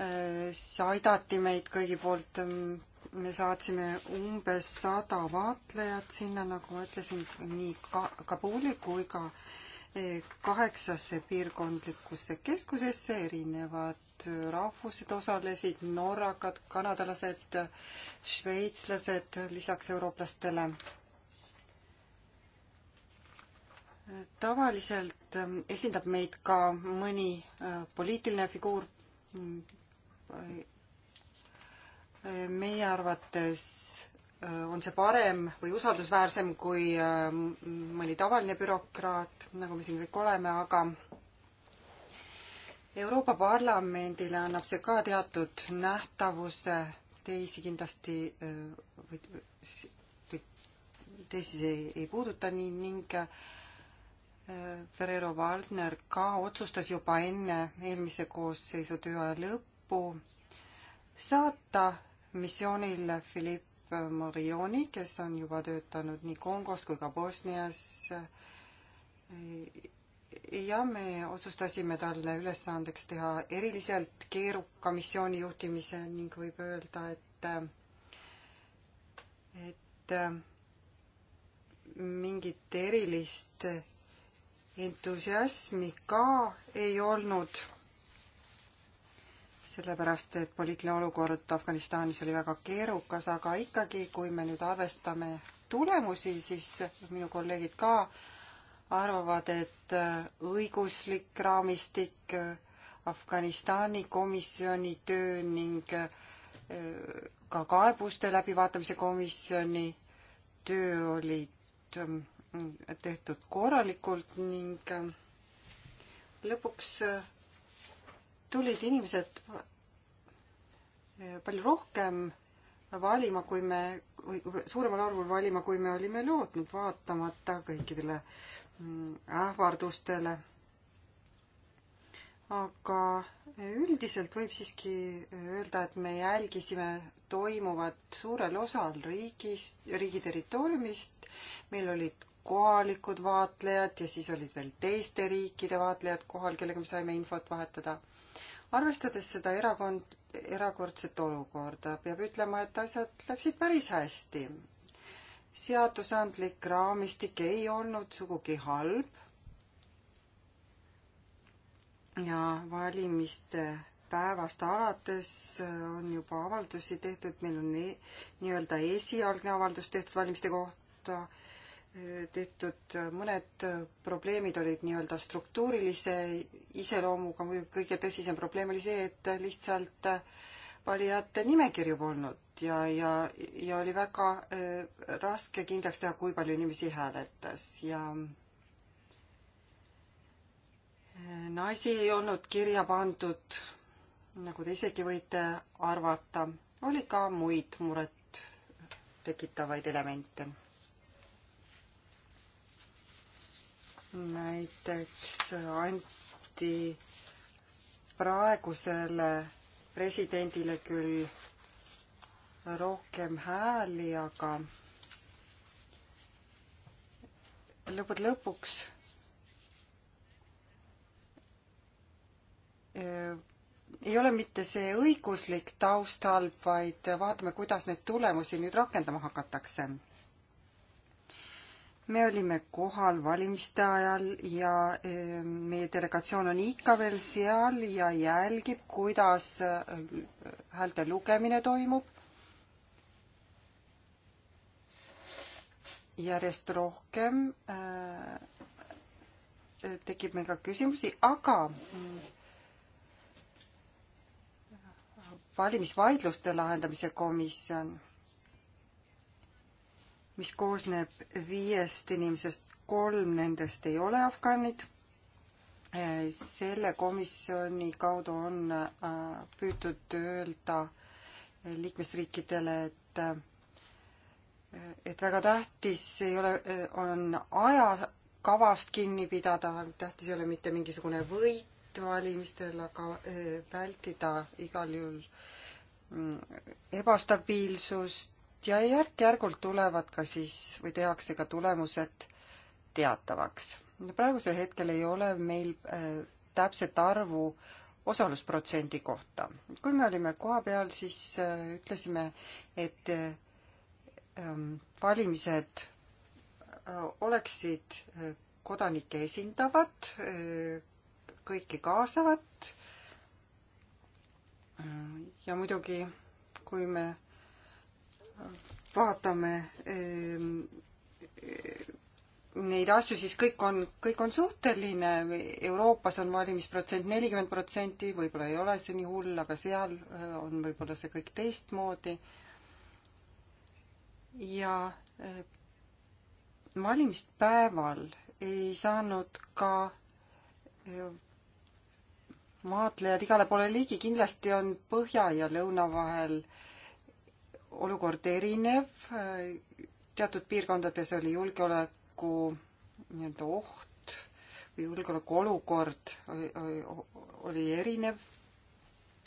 siis aidati meid kõigi poolt, me saatsime umbes sada vaatlejat sinna, nagu ma ütlesin, nii ka-, Kabuli kui ka eh, kaheksasse piirkondlikusse keskusesse, erinevad rahvused osalesid, norrakad, kanadalased, šveitslased, lisaks eurooplastele tavaliselt eh, esindab meid ka mõni eh, poliitiline figuur, meie arvates äh, on see parem või usaldusväärsem kui äh, mõni tavaline bürokraat, nagu me siin kõik oleme, aga Euroopa Parlamendile annab see ka teatud nähtavuse, teisi kindlasti äh, või, või teisi see ei, ei puuduta nii ning Ferrero Waldner ka otsustas juba enne eelmise koosseisu tööaja lõppu, lõppu saata missioonil Philipp Morioni, kes on juba töötanud nii Kongos kui ka Bosnias. ja me otsustasime talle ülesandeks teha eriliselt keeruka missiooni juhtimise ning võib öelda, et, et mingit erilist entusiasmi ka ei olnud sellepärast et poliitiline olukord Afganistanis oli väga keerukas, aga ikkagi, kui me nüüd arvestame tulemusi, siis minu kolleegid ka arvavad, et äh, õiguslik raamistik, äh, Afganistani komisjoni töö ning äh, ka kaebuste läbivaatamise komisjoni töö olid tehtud korralikult ning lõpuks tulid inimesed palju rohkem valima, kui me, või suuremal arvul valima, kui me olime lootnud, vaatamata kõikidele mm, ähvardustele. aga üldiselt võib siiski öelda, et me jälgisime toimuvat suurel osal riigist, riigi territooriumist. meil olid kohalikud vaatlejad ja siis olid veel teiste riikide vaatlejad kohal, kellega me saime infot vahetada arvestades seda erakond, erakordset olukorda, peab ütlema, et asjad läksid päris hästi. seadusandlik raamistik ei olnud sugugi halb ja valimiste päevast alates on juba avaldusi tehtud, meil on nii-öelda esialgne avaldus tehtud valimiste kohta, tehtud, mõned probleemid olid nii-öelda struktuurilise iseloomuga, muidugi kõige tõsisem probleem oli see, et lihtsalt valijate nimekirju polnud ja, ja, ja oli väga äh, raske kindlaks teha, kui palju inimesi hääletas ja äh, naisi ei olnud kirja pandud, nagu te isegi võite arvata, oli ka muid muret tekitavaid elemente näiteks anti praegusele presidendile küll rohkem hääli, aga lõppude lõpuks e, ei ole mitte see õiguslik taust halb, vaid vaatame, kuidas neid tulemusi nüüd rakendama hakatakse me olime kohal valimiste ajal ja eh, meie delegatsioon on ikka veel seal ja jälgib, kuidas eh, häälte lugemine toimub. järjest rohkem eh, tekib meil ka küsimusi, aga mm, valimisvaidluste lahendamise komisjon mis koosneb viiest inimesest, kolm nendest ei ole afgaanid. selle komisjoni kaudu on äh, püütud öelda liikmesriikidele, et äh, et väga tähtis ei ole, äh, on ajakavast kinni pidada, tähtis ei ole mitte mingisugune võit valimistel, aga vältida igal juhul mm, ebastabiilsust, ja järk-järgult tulevad ka siis või tehakse ka tulemused teatavaks. praegusel hetkel ei ole meil äh, täpset arvu osalusprotsendi kohta. kui me olime kohapeal, siis äh, ütlesime, et äh, ähm, valimised oleksid kodanikke esindavad, kõiki kaasavad ja muidugi, kui me vaatame ehm, ehm, neid asju, siis kõik on, kõik on suhteline. Euroopas on valimisprotsent nelikümmend protsenti, võib-olla ei ole see nii hull, aga seal eh, on võib-olla see kõik teistmoodi. ja eh, valimispäeval ei saanud ka eh, vaatlejad igale poole ligi, kindlasti on põhja ja lõuna vahel äh, olukord erinev, teatud piirkondades oli julgeoleku nii-öelda oht või julgeolekuolukord oli, oli, oli erinev.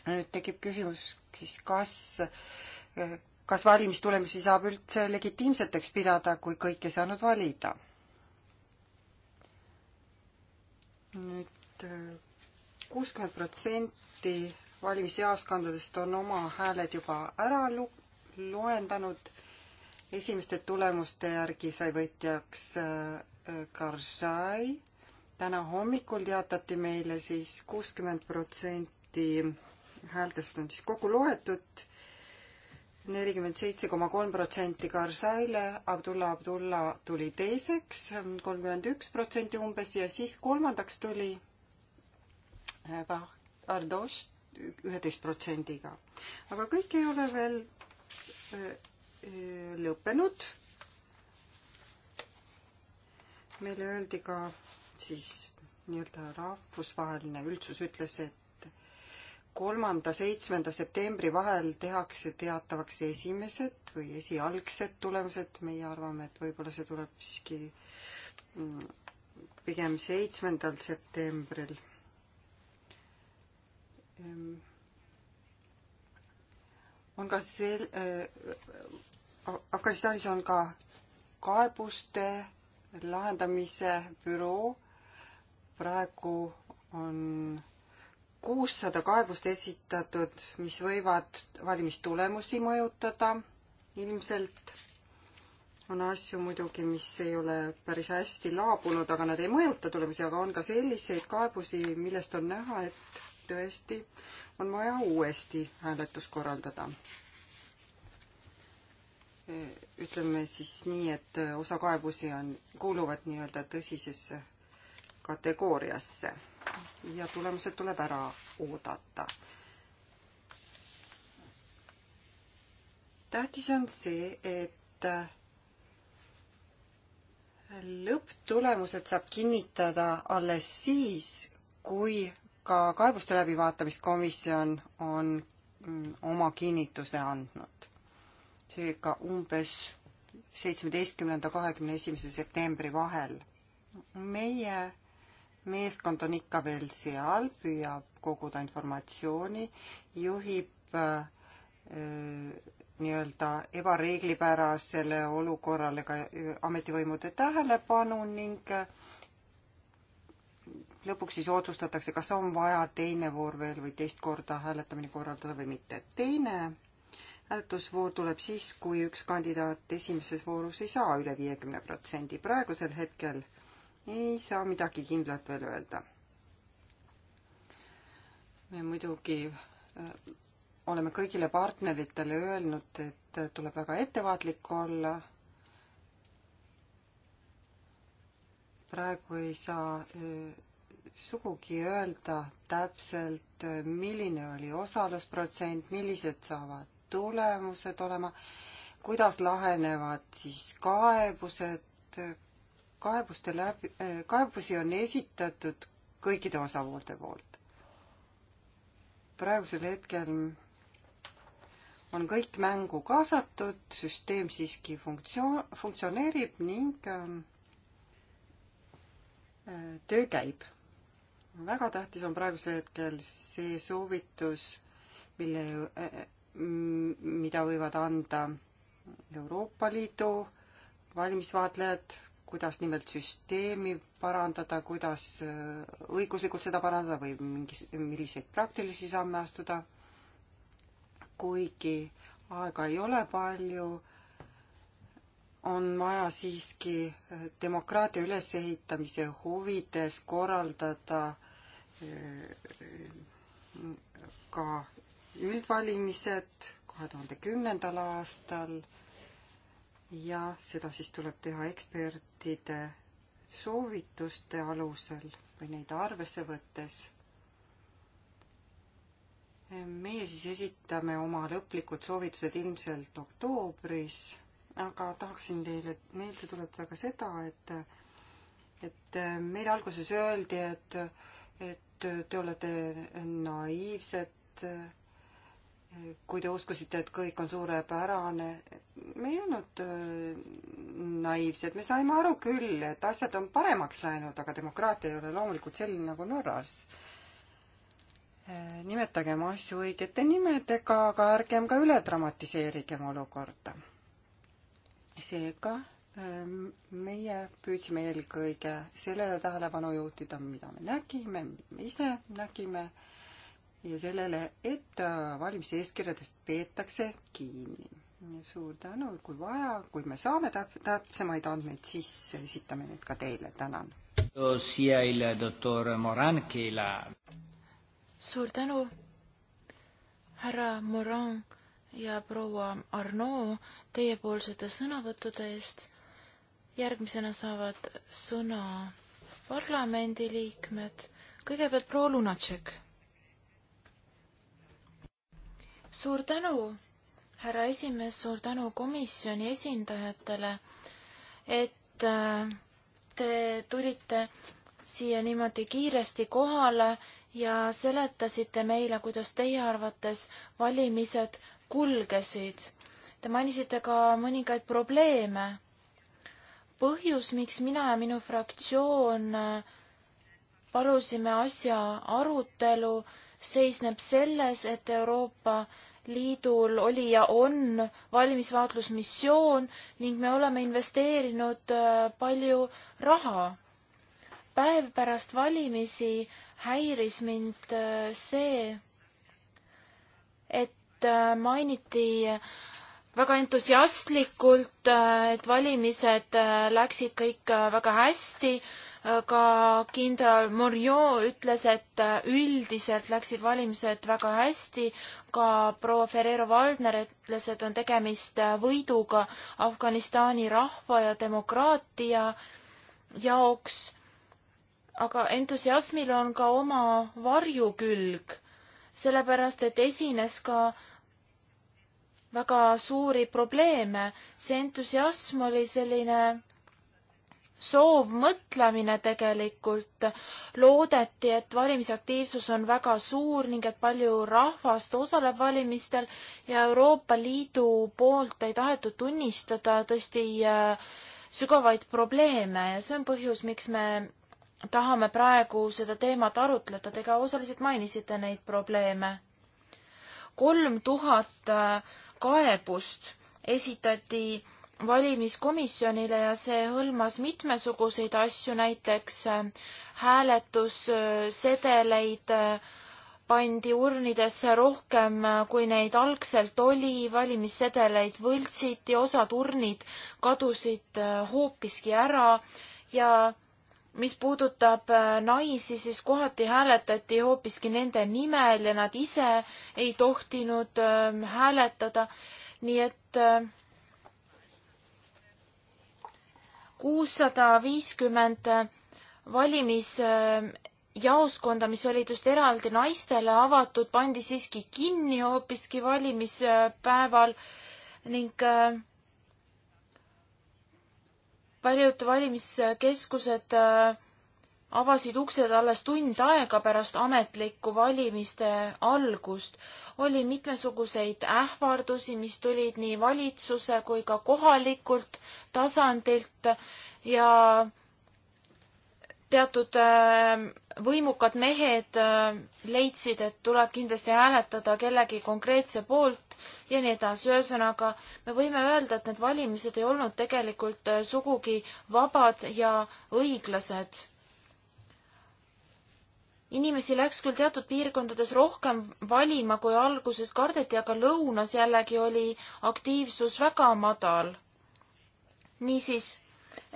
nüüd tekib küsimus siis, kas, kas valimistulemusi saab üldse legitiimseteks pidada, kui kõik ei saanud valida? nüüd kuuskümmend protsenti valimisjaoskondadest on oma hääled juba ära lu-, loendanud. esimeste tulemuste järgi sai võitjaks äh, Karzai. täna hommikul teatati meile siis kuuskümmend protsenti häältest on siis kogu loetud nelikümmend seitse koma kolm protsenti Karzaile, Abdullah Abdullah tuli teiseks, kolmkümmend üks protsenti umbes ja siis kolmandaks tuli äh, Ardoš üheteist protsendiga. aga kõik ei ole veel Äh, lõppenud. meile öeldi ka siis nii-öelda rahvusvaheline üldsus ütles, et kolmanda, seitsmenda septembri vahel tehakse teatavaks esimesed või esialgsed tulemused, meie arvame, et võib-olla see tuleb siiski mm, pigem seitsmendal septembril ehm, on ka sel- äh,, Afganistanis on ka kaebuste lahendamise büroo, praegu on kuussada kaebust esitatud, mis võivad valimistulemusi mõjutada ilmselt on asju muidugi, mis ei ole päris hästi laabunud, aga nad ei mõjuta tulemusi, aga on ka selliseid kaebusi, millest on näha, et tõesti on vaja uuesti hääletus korraldada. ütleme siis nii, et osa kaebusi on, kuuluvad nii-öelda tõsisesse kategooriasse ja tulemused tuleb ära oodata. tähtis on see, et lõpptulemused saab kinnitada alles siis, kui ka kaebuste läbivaatamist komisjon on mm, oma kinnituse andnud. seega umbes seitsmeteistkümnenda, kahekümne esimese septembri vahel. meie meeskond on ikka veel seal, püüab koguda informatsiooni, juhib äh, äh nii-öelda ebareeglipärasele olukorrale ka äh, ametivõimude tähelepanu ning äh, lõpuks siis otsustatakse, kas on vaja teine voor veel või teist korda hääletamine korraldada või mitte. teine hääletusvoor tuleb siis, kui üks kandidaat esimeses voorus ei saa üle viiekümne protsendi. praegusel hetkel ei saa midagi kindlat veel öelda. me muidugi äh, oleme kõigile partneritele öelnud, et tuleb väga ettevaatlik olla praegu ei saa äh, sugugi öelda täpselt, milline oli osalusprotsent, millised saavad tulemused olema, kuidas lahenevad siis kaebused, kaebuste läbi, äh, kaebusi on esitatud kõikide osapoolte poolt. praegusel hetkel on kõik mängu kaasatud, süsteem siiski funktsioon, funktsioneerib ning ähm, äh, töö käib väga tähtis on praegusel hetkel see soovitus, mille, mm, mida võivad anda Euroopa Liidu valimisvaatlejad, kuidas nimelt süsteemi parandada, kuidas äh, õiguslikult seda parandada või mingis, milliseid praktilisi samme astuda. kuigi aega ei ole palju, on vaja siiski äh, demokraatia ülesehitamise huvides korraldada ka üldvalimised kahe tuhande kümnendal aastal ja seda siis tuleb teha ekspertide soovituste alusel või neid arvesse võttes. meie siis esitame oma lõplikud soovitused ilmselt oktoobris, aga tahaksin teile meelde tuletada ka seda, et et meile alguses öeldi, et, et te olete naiivsed, kui te uskusite, et kõik on suurepärane. me ei olnud äh, naiivsed, me saime aru küll, et asjad on paremaks läinud, aga demokraatia ei ole loomulikult selline nagu Norras. Äh, nimetagem asju õigete nimedega, aga ärgem ka üle dramatiseerigem olukorda. seega Ehm, meie püüdsime eelkõige sellele tähelepanu juhtida, mida me nägime, me ise nägime ja sellele, et äh, valimiseeskirjadest peetakse kinni. suur tänu, kui vaja, kui me saame täp-, täpsemaid andmeid, siis esitame need ka teile, tänan. suur tänu, härra Moran ja proua Arnaud teiepoolsete sõnavõttude eest järgmisena saavad sõna parlamendiliikmed, kõigepealt proua Lunatšek. suur tänu, härra esimees, suur tänu komisjoni esindajatele, et äh, te tulite siia niimoodi kiiresti kohale ja seletasite meile, kuidas teie arvates valimised kulgesid. Te mainisite ka mõningaid probleeme põhjus, miks mina ja minu fraktsioon äh, palusime asja arutelu, seisneb selles, et Euroopa Liidul oli ja on valmisvaatlusmissioon ning me oleme investeerinud äh, palju raha. päev pärast valimisi häiris mind äh, see, et mainiti äh, väga entusiastlikult, äh, et valimised äh, läksid kõik äh, väga hästi, aga kindral Moriot ütles, et üldiselt läksid valimised väga hästi, ka proua Ferrero Valdner ütles, et on tegemist võiduga Afganistani rahva ja demokraatia jaoks. aga entusiasmil on ka oma varjukülg, sellepärast et esines ka äh, väga suuri probleeme. see entusiasm oli selline soovmõtlemine tegelikult. loodeti, et valimisaktiivsus on väga suur ning et palju rahvast osaleb valimistel ja Euroopa Liidu poolt ei tahetud tunnistada tõesti äh, sügavaid probleeme ja see on põhjus, miks me tahame praegu seda teemat arutleda, te ka osaliselt mainisite neid probleeme. kolm tuhat äh, kaebust esitati valimiskomisjonile ja see hõlmas mitmesuguseid asju, näiteks äh, hääletussedeleid äh, äh, pandi urnidesse rohkem, kui neid algselt oli, valimissedeleid võltsiti, osad urnid kadusid hoopiski ära ja mis puudutab äh, naisi, siis kohati hääletati hoopiski nende nimel ja nad ise ei tohtinud ähm, hääletada, nii et äh, kuussada viiskümmend äh, valimisjaoskonda, ähm, mis olid just eraldi naistele avatud, pandi siiski kinni hoopiski valimispäeval ning äh, paljud valimiskeskused äh, avasid uksed alles tund aega pärast ametlikku valimiste algust. oli mitmesuguseid ähvardusi, mis tulid nii valitsuse kui ka kohalikult tasandilt ja teatud äh, võimukad mehed äh, leidsid, et tuleb kindlasti hääletada kellegi konkreetse poolt ja nii edasi. ühesõnaga, me võime öelda, et need valimised ei olnud tegelikult äh, sugugi vabad ja õiglased. inimesi läks küll teatud piirkondades rohkem valima, kui alguses kardeti, aga lõunas jällegi oli aktiivsus väga madal. niisiis,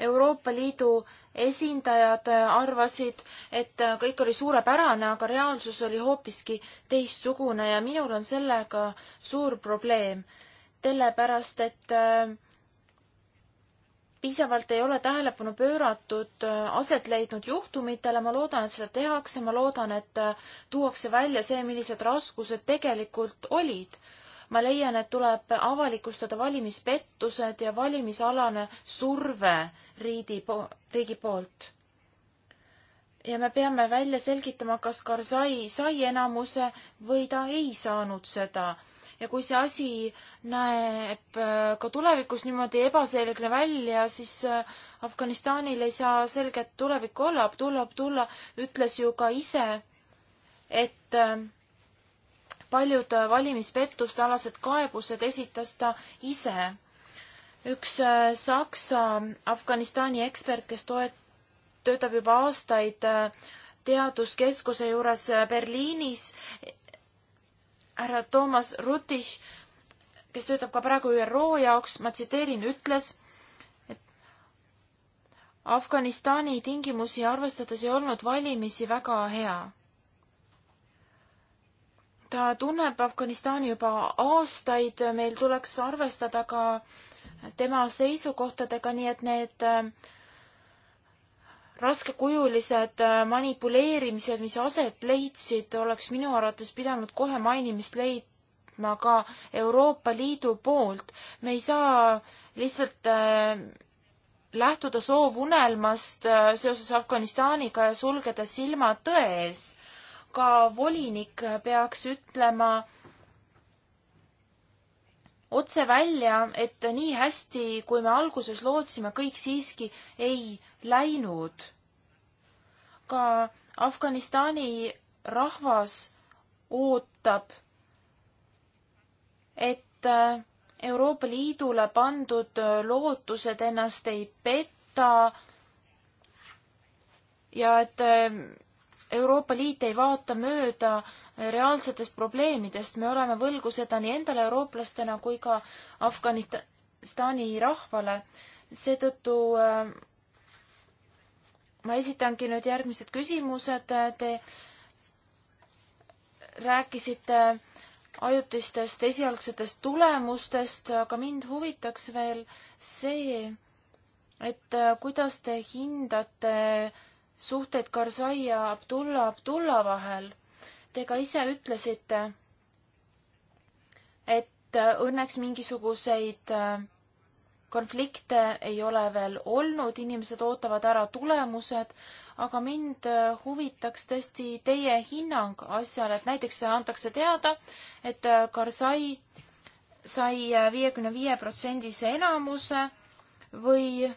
Euroopa Liidu esindajad äh, arvasid, et äh, kõik oli suurepärane, aga reaalsus oli hoopiski teistsugune ja minul on sellega suur probleem. sellepärast, et äh, piisavalt ei ole tähelepanu pööratud aset leidnud juhtumitele, ma loodan, et seda tehakse, ma loodan, et tuuakse välja see, millised raskused tegelikult olid ma leian, et tuleb avalikustada valimispettused ja valimisalane surve riidi po-, riigi poolt. ja me peame välja selgitama, kas Karzai sai enamuse või ta ei saanud seda. ja kui see asi näeb äh, ka tulevikus niimoodi ebaselgne välja, siis äh, Afganistanil ei saa selget tulevikku olla. Abdullah Abdullah ütles ju ka ise, et äh, paljud äh, valimispettuste alased kaebused esitas ta ise. üks äh, Saksa Afganistani ekspert, kes toet-, töötab juba aastaid äh, teaduskeskuse juures Berliinis, härra Toomas Rutich, kes töötab ka praegu ÜRO jaoks, ma tsiteerin, ütles, et Afganistani tingimusi arvestades ei olnud valimisi väga hea ta tunneb Afganistani juba aastaid, meil tuleks arvestada ka tema seisukohtadega, nii et need äh, raskekujulised äh, manipuleerimised, mis aset leidsid, oleks minu arvates pidanud kohe mainimist leidma ka Euroopa Liidu poolt. me ei saa lihtsalt äh, lähtuda soovunelmast seoses Afganistaniga ja sulgeda silmad tõe ees ka volinik peaks ütlema otse välja, et nii hästi, kui me alguses lootsime, kõik siiski ei läinud. ka Afganistani rahvas ootab, et Euroopa Liidule pandud lootused ennast ei peta ja et Euroopa Liit ei vaata mööda reaalsetest probleemidest, me oleme võlgu seda nii endale eurooplastena kui ka Afganistani rahvale. seetõttu äh, ma esitangi nüüd järgmised küsimused. Te rääkisite ajutistest esialgsetest tulemustest, aga mind huvitaks veel see, et äh, kuidas te hindate äh, suhteid Karzai ja Abdulla Abdulla vahel. Te ka ise ütlesite, et äh, õnneks mingisuguseid äh, konflikte ei ole veel olnud, inimesed ootavad ära tulemused, aga mind äh, huvitaks tõesti teie hinnang asjale, et näiteks antakse teada, et Karzai sai viiekümne viie protsendise enamuse või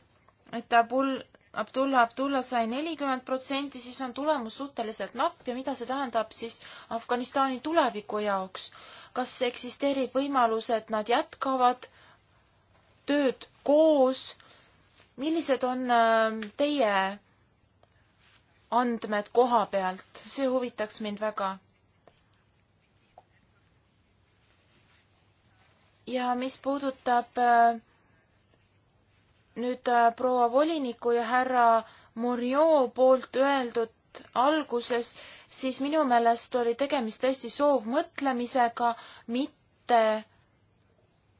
et Abul Abdullah Abdullah sai nelikümmend protsenti, siis on tulemus suhteliselt napp ja mida see tähendab siis Afganistani tuleviku jaoks? kas eksisteerib võimalus, et nad jätkavad tööd koos? millised on ähm, teie andmed koha pealt, see huvitaks mind väga. ja mis puudutab äh, nüüd äh, proua voliniku ja härra Murillo poolt öeldud alguses, siis minu meelest oli tegemist tõesti soovmõtlemisega, mitte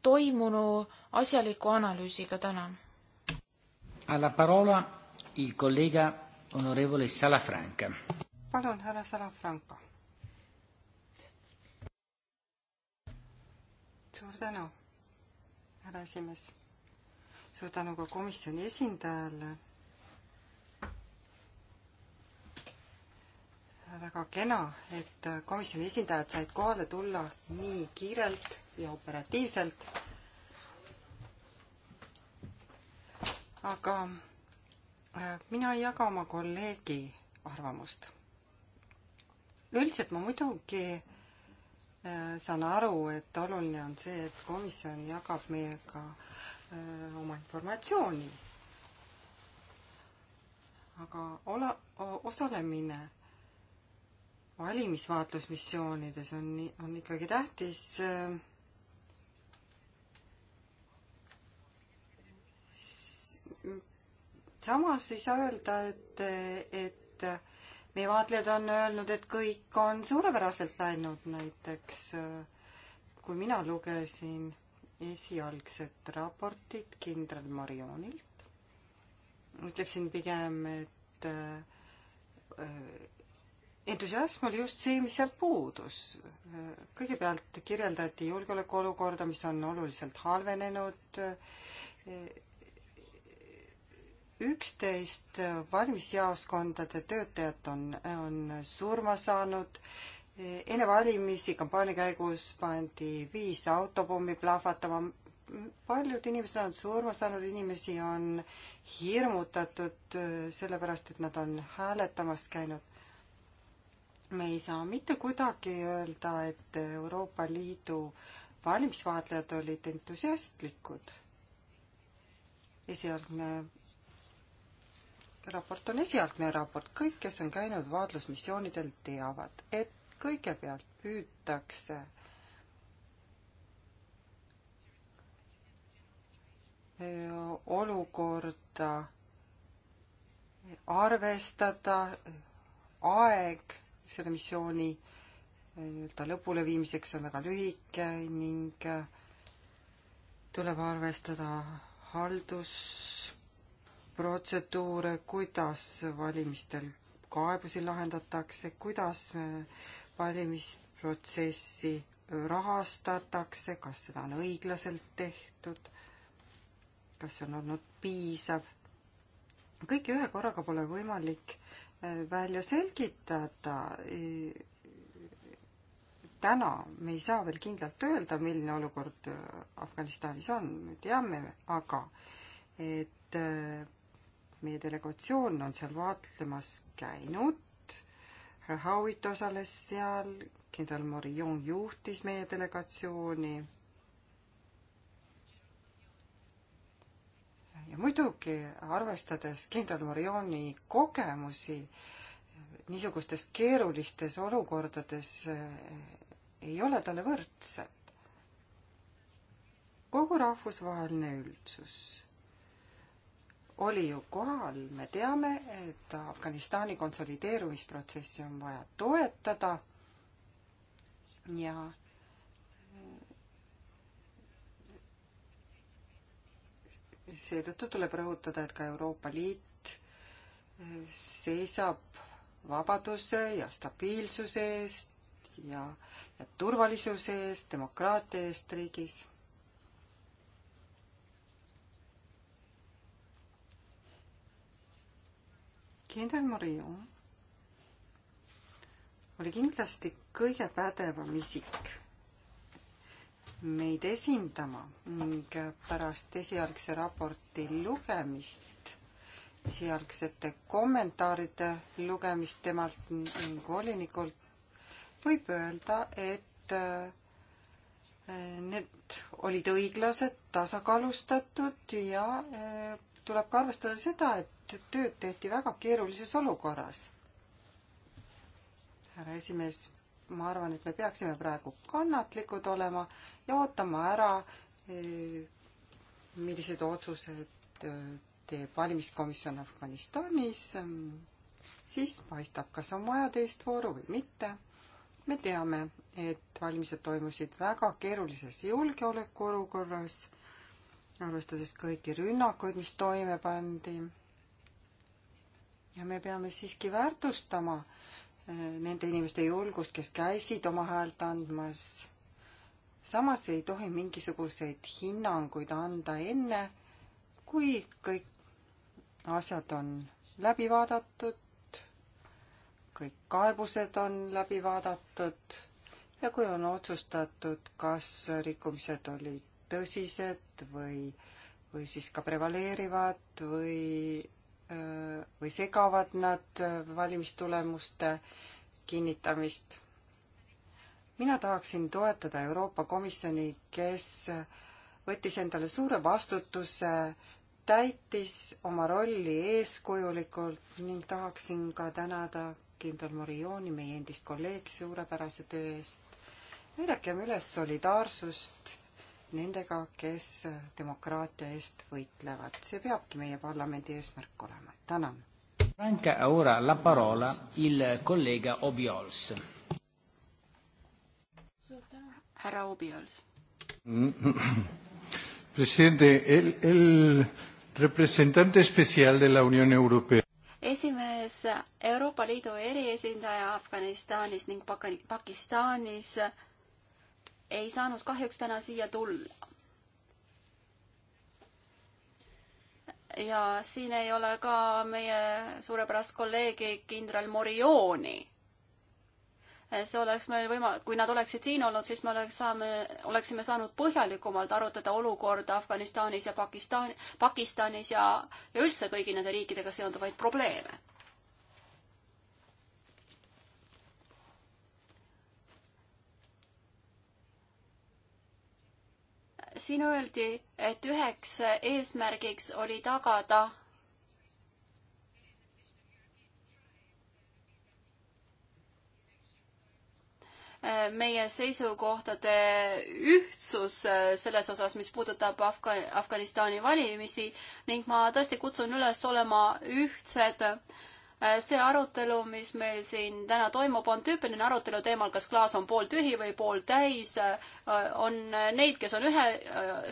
toimunu asjaliku analüüsiga täna. Alla parola il collega onorevole Salafranca. palun, härra Salafranca. suur tänu, härra esimees suur tänu ka komisjoni esindajale. väga kena, et komisjoni esindajad said kohale tulla nii kiirelt ja operatiivselt. aga äh, mina ei jaga oma kolleegi arvamust. üldiselt ma muidugi äh, saan aru, et oluline on see, et komisjon jagab meiega Äh, oma informatsiooni. aga ole, osalemine valimisvaatlusmissioonides on, on ikkagi tähtis. Äh, samas ei saa öelda, et, et meie vaatlejad on öelnud, et kõik on suurepäraselt läinud, näiteks äh, kui mina lugesin esialgset raportit kindral Marionilt. ütleksin pigem, et äh, entusiasm oli just see, mis sealt puudus. kõigepealt kirjeldati julgeolekuolukorda, mis on oluliselt halvenenud. üksteist valimisjaoskondade töötajat on, on surma saanud enne valimisi kampaania käigus pandi viis autopommi plahvatama. paljud inimesed on surma saanud, inimesi on hirmutatud äh, sellepärast, et nad on hääletamas käinud. me ei saa mitte kuidagi öelda, et Euroopa Liidu valimisvaatlejad olid entusiastlikud. esialgne raport on esialgne raport, kõik, kes on käinud vaatlusmissioonidel, teavad, et kõigepealt püütakse olukorda arvestada, aeg selle missiooni eh, nii-öelda lõpuleviimiseks on väga lühike ning eh, tuleb arvestada haldusprotseduure, kuidas valimistel kaebusi lahendatakse, kuidas me valimisprotsessi rahastatakse, kas seda on õiglaselt tehtud, kas see on olnud piisav. kõike ühe korraga pole võimalik äh, välja selgitada. täna me ei saa veel kindlalt öelda, milline olukord äh, Afganistanis on, me teame aga, et äh, meie delegatsioon on seal vaatlemas käinud Howitt osales seal, kindral Morillon juhtis meie delegatsiooni. ja muidugi, arvestades kindral Morilloni kogemusi niisugustes keerulistes olukordades, eh, ei ole talle võrdsed. kogu rahvusvaheline üldsus oli ju kohal, me teame, et Afganistani konsolideerumisprotsessi on vaja toetada ja eh, seetõttu tuleb rõhutada, et ka Euroopa Liit eh, seisab vabaduse ja stabiilsuse eest ja, ja turvalisuse eest, demokraatia eest riigis kindral Mario oli kindlasti kõige pädevam isik meid esindama ning pärast esialgse raporti lugemist, esialgsete kommentaaride lugemist temalt ning volinikult võib öelda, et äh, need olid õiglased, tasakaalustatud ja äh, tuleb ka arvestada seda, et et tööd tehti väga keerulises olukorras. härra esimees, ma arvan, et me peaksime praegu kannatlikud olema ja ootama ära, eh, millised otsused eh, teeb valimiskomisjon Afganistanis, siis paistab, kas on vaja teist vooru või mitte. me teame, et valimised toimusid väga keerulises julgeolekuolukorras, arvestades kõiki rünnakuid, mis toime pandi ja me peame siiski väärtustama eh, nende inimeste julgust, kes käisid oma häält andmas. samas ei tohi mingisuguseid hinnanguid anda enne, kui kõik asjad on läbi vaadatud, kõik kaebused on läbi vaadatud ja kui on otsustatud, kas rikkumised olid tõsised või, või siis ka prevaleerivad või või segavad nad äh, valimistulemuste kinnitamist. mina tahaksin toetada Euroopa Komisjoni, kes võttis endale suure vastutuse, täitis oma rolli eeskujulikult ning tahaksin ka tänada kindral Morioni, meie endist kolleegi, suurepärase töö eest. näidakem üles solidaarsust nendega, kes demokraatia eest võitlevad. see peabki meie parlamendi eesmärk olema. tänan. Anche ora la parola il collega Obiols. Herra Obiols. Presidente, el, el representante especial de la Unión Europea esimees Euroopa Liidu eriesindaja Afganistanis ning Pakistanis ei saanud kahjuks täna siia tulla. ja siin ei ole ka meie suurepärast kolleegi kindral Morioni. see oleks meil võima-, kui nad oleksid siin olnud, siis me oleks, saame, oleksime saanud põhjalikumalt arutada olukorda Afganistanis ja Pakistan, Pakistanis ja, ja üldse kõigi nende riikidega seonduvaid probleeme siin öeldi, et üheks eesmärgiks oli tagada meie seisukohtade ühtsus selles osas, mis puudutab Afga-, Afganistani valimisi ning ma tõesti kutsun üles olema ühtsed äh, Äh, see arutelu, mis meil siin täna toimub, on tüüpiline arutelu teemal, kas klaas on pooltühi või pooltäis. Äh, on äh, neid, kes on ühe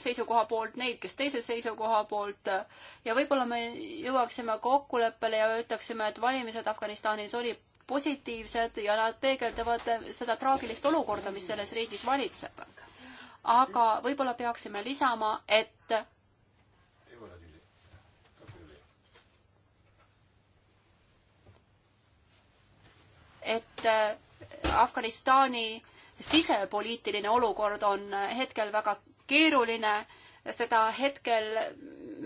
seisukoha poolt, neid, kes teise seisukoha poolt ja võib-olla me jõuaksime kokkuleppele ja ütleksime, et valimised Afganistanis olid positiivsed ja nad peegeldavad seda traagilist olukorda, mis selles riigis valitseb. aga võib-olla peaksime lisama, et et äh, Afganistani sisepoliitiline olukord on äh, hetkel väga keeruline, seda hetkel,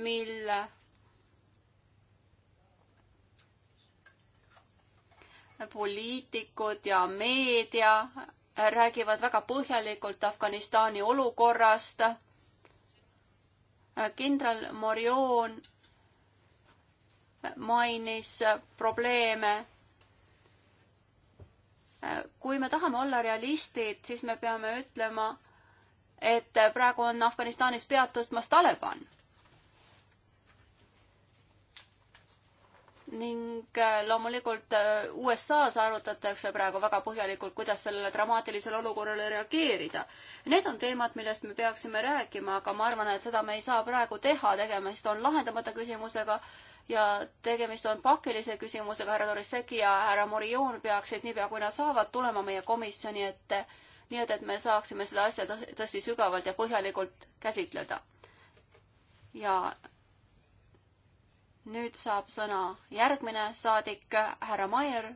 mil äh, poliitikud ja meedia räägivad väga põhjalikult Afganistani olukorrast. kindral Morion mainis probleeme kui me tahame olla realistid, siis me peame ütlema, et praegu on Afganistanis pead tõstmas Taliban. ning äh, loomulikult äh, USA-s arutatakse praegu väga põhjalikult, kuidas sellele dramaatilisele olukorrale reageerida. Need on teemad, millest me peaksime rääkima, aga ma arvan, et seda me ei saa praegu teha, tegemist on lahendamata küsimusega ja tegemist on pakilise küsimusega, härra Torissegi ja härra Morion peaksid niipea, kui nad saavad, tulema meie komisjoni ette, nii et, et me saaksime seda asja tõesti sügavalt ja põhjalikult käsitleda. ja nüüd saab sõna järgmine saadik, härra Maier.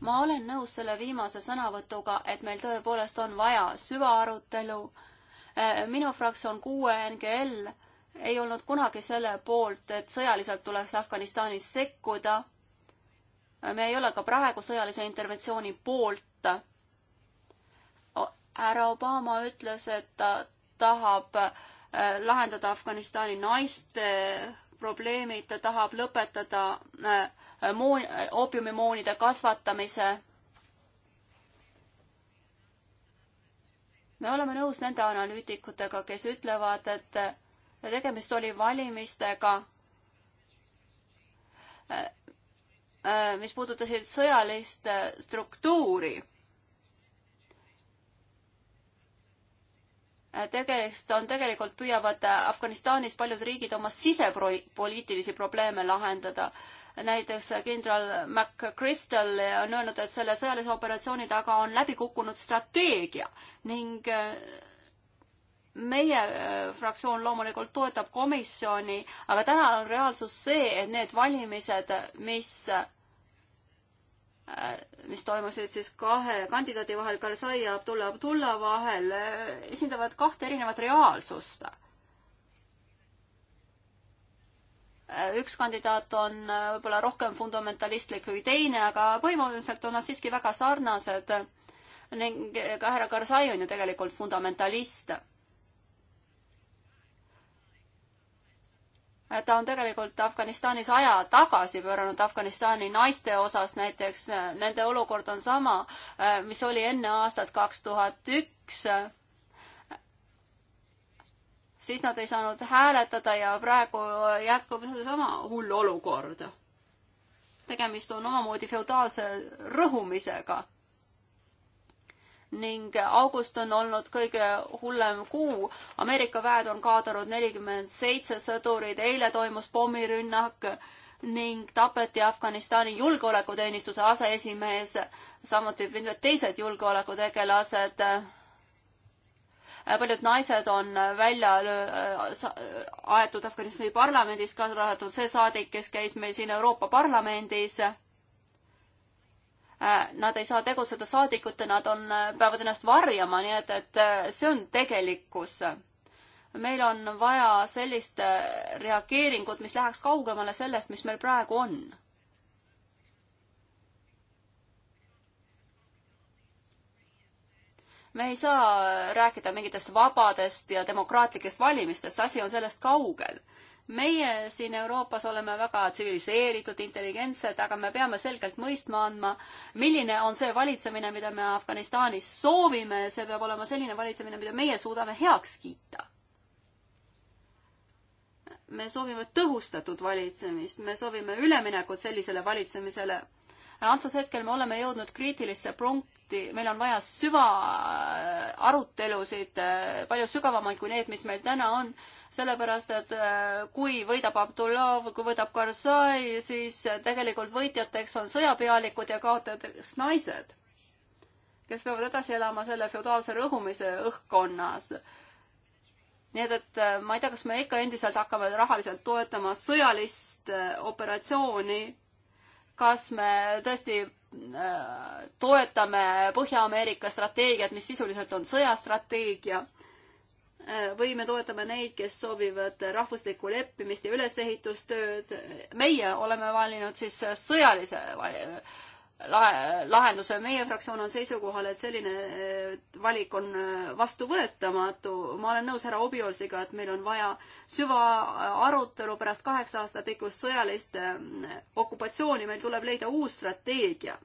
ma olen nõus selle viimase sõnavõtuga, et meil tõepoolest on vaja süvaarutelu. minu fraktsioon kuue NGL ei olnud kunagi selle poolt, et sõjaliselt tuleks Afganistanis sekkuda. me ei ole ka praegu sõjalise interventsiooni poolt. härra Obama ütles, et ta tahab äh, lahendada Afganistani naiste äh, probleemid, ta tahab lõpetada äh, moon-, oopiumimoonide kasvatamise. me oleme nõus nende analüütikutega, kes ütlevad, et tegemist oli valimistega, äh, äh, mis puudutasid sõjalist äh, struktuuri. tegemist on, tegelikult püüavad Afganistanis paljud riigid oma sisepoliitilisi probleeme lahendada näiteks kindral McChrystal on öelnud, et selle sõjalise operatsiooni taga on läbi kukkunud strateegia ning meie äh, fraktsioon loomulikult toetab komisjoni, aga täna on reaalsus see, et need valimised, mis äh, mis toimusid siis kahe kandidaadi vahel, Karzai ja Abdullah Abdullah vahel, äh, esindavad kahte erinevat reaalsust. üks kandidaat on võib-olla rohkem fundamentalistlik kui teine, aga põhimõtteliselt on nad siiski väga sarnased ning ka härra Karzai on ju tegelikult fundamentalist ta on tegelikult Afganistanis aja tagasi pööranud Afganistani naiste osas näiteks, äh, nende olukord on sama, äh, mis oli enne aastat kaks tuhat üks. siis nad ei saanud hääletada ja praegu jätkub seesama hull olukord. tegemist on omamoodi feodaalse rõhumisega ning august on olnud kõige hullem kuu. Ameerika väed on kaotanud nelikümmend seitse sõdurit, eile toimus pommirünnak ning tapeti Afganistani julgeolekuteenistuse aseesimees, samuti mitmed teised julgeolekutegelased. paljud naised on välja äh, aetud Afganistani parlamendis, kaasa arvatud see saadik, kes käis meil siin Euroopa Parlamendis Äh, nad ei saa tegutseda saadikutena, nad on, äh, peavad ennast varjama, nii et, et äh, see on tegelikkus. meil on vaja sellist reageeringut, mis läheks kaugemale sellest, mis meil praegu on. me ei saa rääkida mingitest vabadest ja demokraatlikest valimistest, asi on sellest kaugel meie siin Euroopas oleme väga tsiviliseeritud, intelligentsed, aga me peame selgelt mõistma andma, milline on see valitsemine, mida me Afganistanis soovime, see peab olema selline valitsemine, mida meie suudame heaks kiita. me soovime tõhustatud valitsemist, me soovime üleminekut sellisele valitsemisele antud hetkel me oleme jõudnud kriitilisse punkti, meil on vaja süvaarutelusid, äh, palju sügavamaid kui need, mis meil täna on, sellepärast et äh, kui võidab Abdullov, kui võidab Karzai, siis äh, tegelikult võitjateks on sõjapealikud ja kaotajateks naised, kes peavad edasi elama selle feodaalse rõhumise õhkkonnas nii et, et ma ei tea, kas me ikka endiselt hakkame rahaliselt toetama sõjalist operatsiooni kas me tõesti äh, toetame Põhja-Ameerika strateegiat, mis sisuliselt on sõjastrateegia, äh, või me toetame neid, kes soovivad rahvuslikku leppimist ja ülesehitustööd. meie oleme valinud siis sõjalise lahenduse. meie fraktsioon on seisukohal, et selline eh, valik on eh, vastuvõetamatu. ma olen nõus härra Obiolsiga, et meil on vaja süvaarutelu pärast kaheksa aasta pikkust sõjalist eh, okupatsiooni. meil tuleb leida uus strateegia.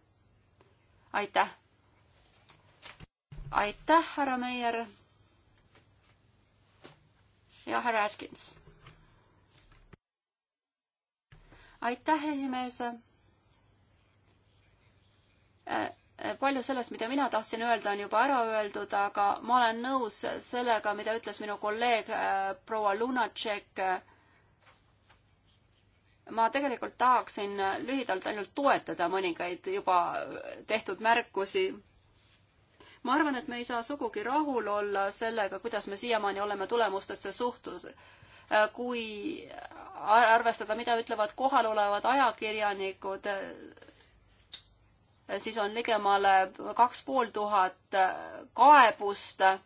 aitäh. aitäh, härra Meier. ja härra Atkins. aitäh, esimees Äh, palju sellest, mida mina tahtsin öelda, on juba ära öeldud, aga ma olen nõus sellega, mida ütles minu kolleeg äh, proua Lunatšek. ma tegelikult tahaksin lühidalt ainult toetada mõningaid juba tehtud märkusi. ma arvan, et me ei saa sugugi rahul olla sellega, kuidas me siiamaani oleme tulemustesse suhtunud äh, kui arvestada, mida ütlevad kohalolevad ajakirjanikud, siis on ligemale kaks pool tuhat äh, kaebust, äh,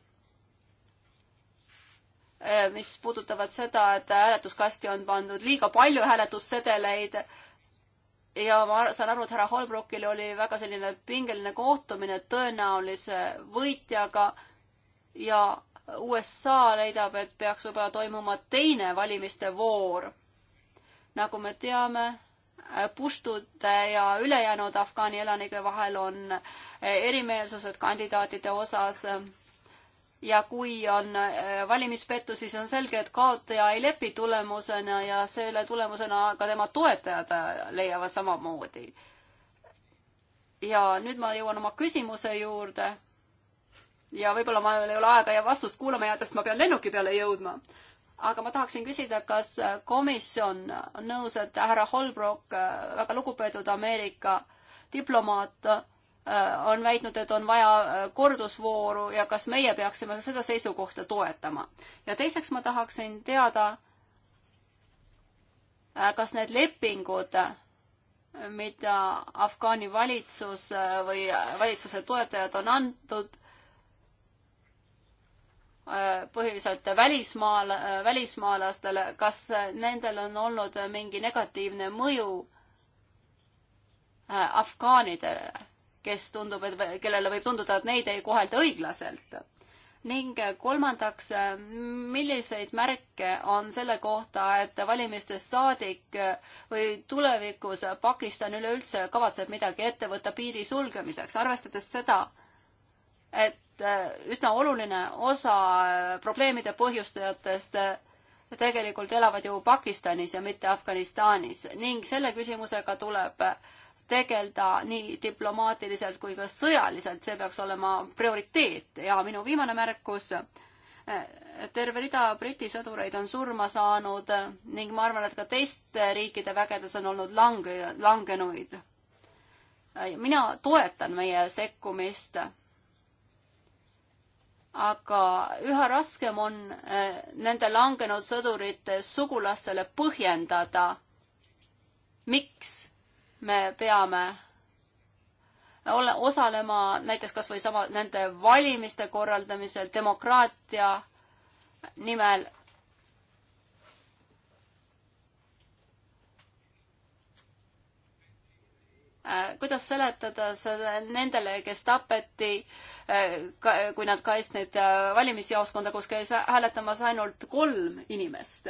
mis puudutavad seda, et hääletuskasti on pandud liiga palju hääletussedeleid ja ma saan aru, et härra Holbrookil oli väga selline pingeline kohtumine tõenäolise võitjaga ja USA leidab, et peaks võib-olla toimuma teine valimiste voor. nagu me teame, puštude ja ülejäänud Afgaani elanike vahel on erimeelsused kandidaatide osas ja kui on eh, valimispettu, siis on selge, et kaotaja ei lepi tulemusena ja selle tulemusena ka tema toetajad eh, leiavad samamoodi. ja nüüd ma jõuan oma küsimuse juurde. ja võib-olla mul ei ole aega ja vastust kuulama jääda, sest ma pean lennuki peale jõudma aga ma tahaksin küsida, kas äh, komisjon on nõus, et härra Holbrook, äh, väga lugupeetud Ameerika diplomaat, äh, on väitnud, et on vaja kordusvooru ja kas meie peaksime seda seisukohta toetama. ja teiseks ma tahaksin teada, kas need lepingud, mida Afgaani valitsus või valitsuse toetajad on antud, põhiliselt välismaal, välismaalastele, kas nendel on olnud mingi negatiivne mõju äh, afgaanidele, kes tundub, et, kellele võib tunduda, et neid ei kohelda õiglaselt? ning kolmandaks, milliseid märke on selle kohta, et valimistest saadik või tulevikus Pakistan üleüldse kavatseb midagi ette võtta piiri sulgemiseks, arvestades seda, et Äh, üsna oluline osa äh, probleemide põhjustajatest äh, tegelikult elavad ju Pakistanis ja mitte Afganistanis ning selle küsimusega tuleb tegeleda nii diplomaatiliselt kui ka sõjaliselt, see peaks olema prioriteet ja minu viimane märkus, terve rida Briti sõdureid on surma saanud ning ma arvan, et ka teiste riikide vägedes on olnud lange, langenuid. mina toetan meie sekkumist aga üha raskem on eh, nende langenud sõdurite sugulastele põhjendada, miks me peame ole, osalema näiteks kas või sama nende valimiste korraldamisel demokraatia nimel Äh, kuidas seletada selle nendele, kes tapeti, äh, kui nad kaitsnud äh, valimisjaoskonda, kus käis hääletamas ainult kolm inimest?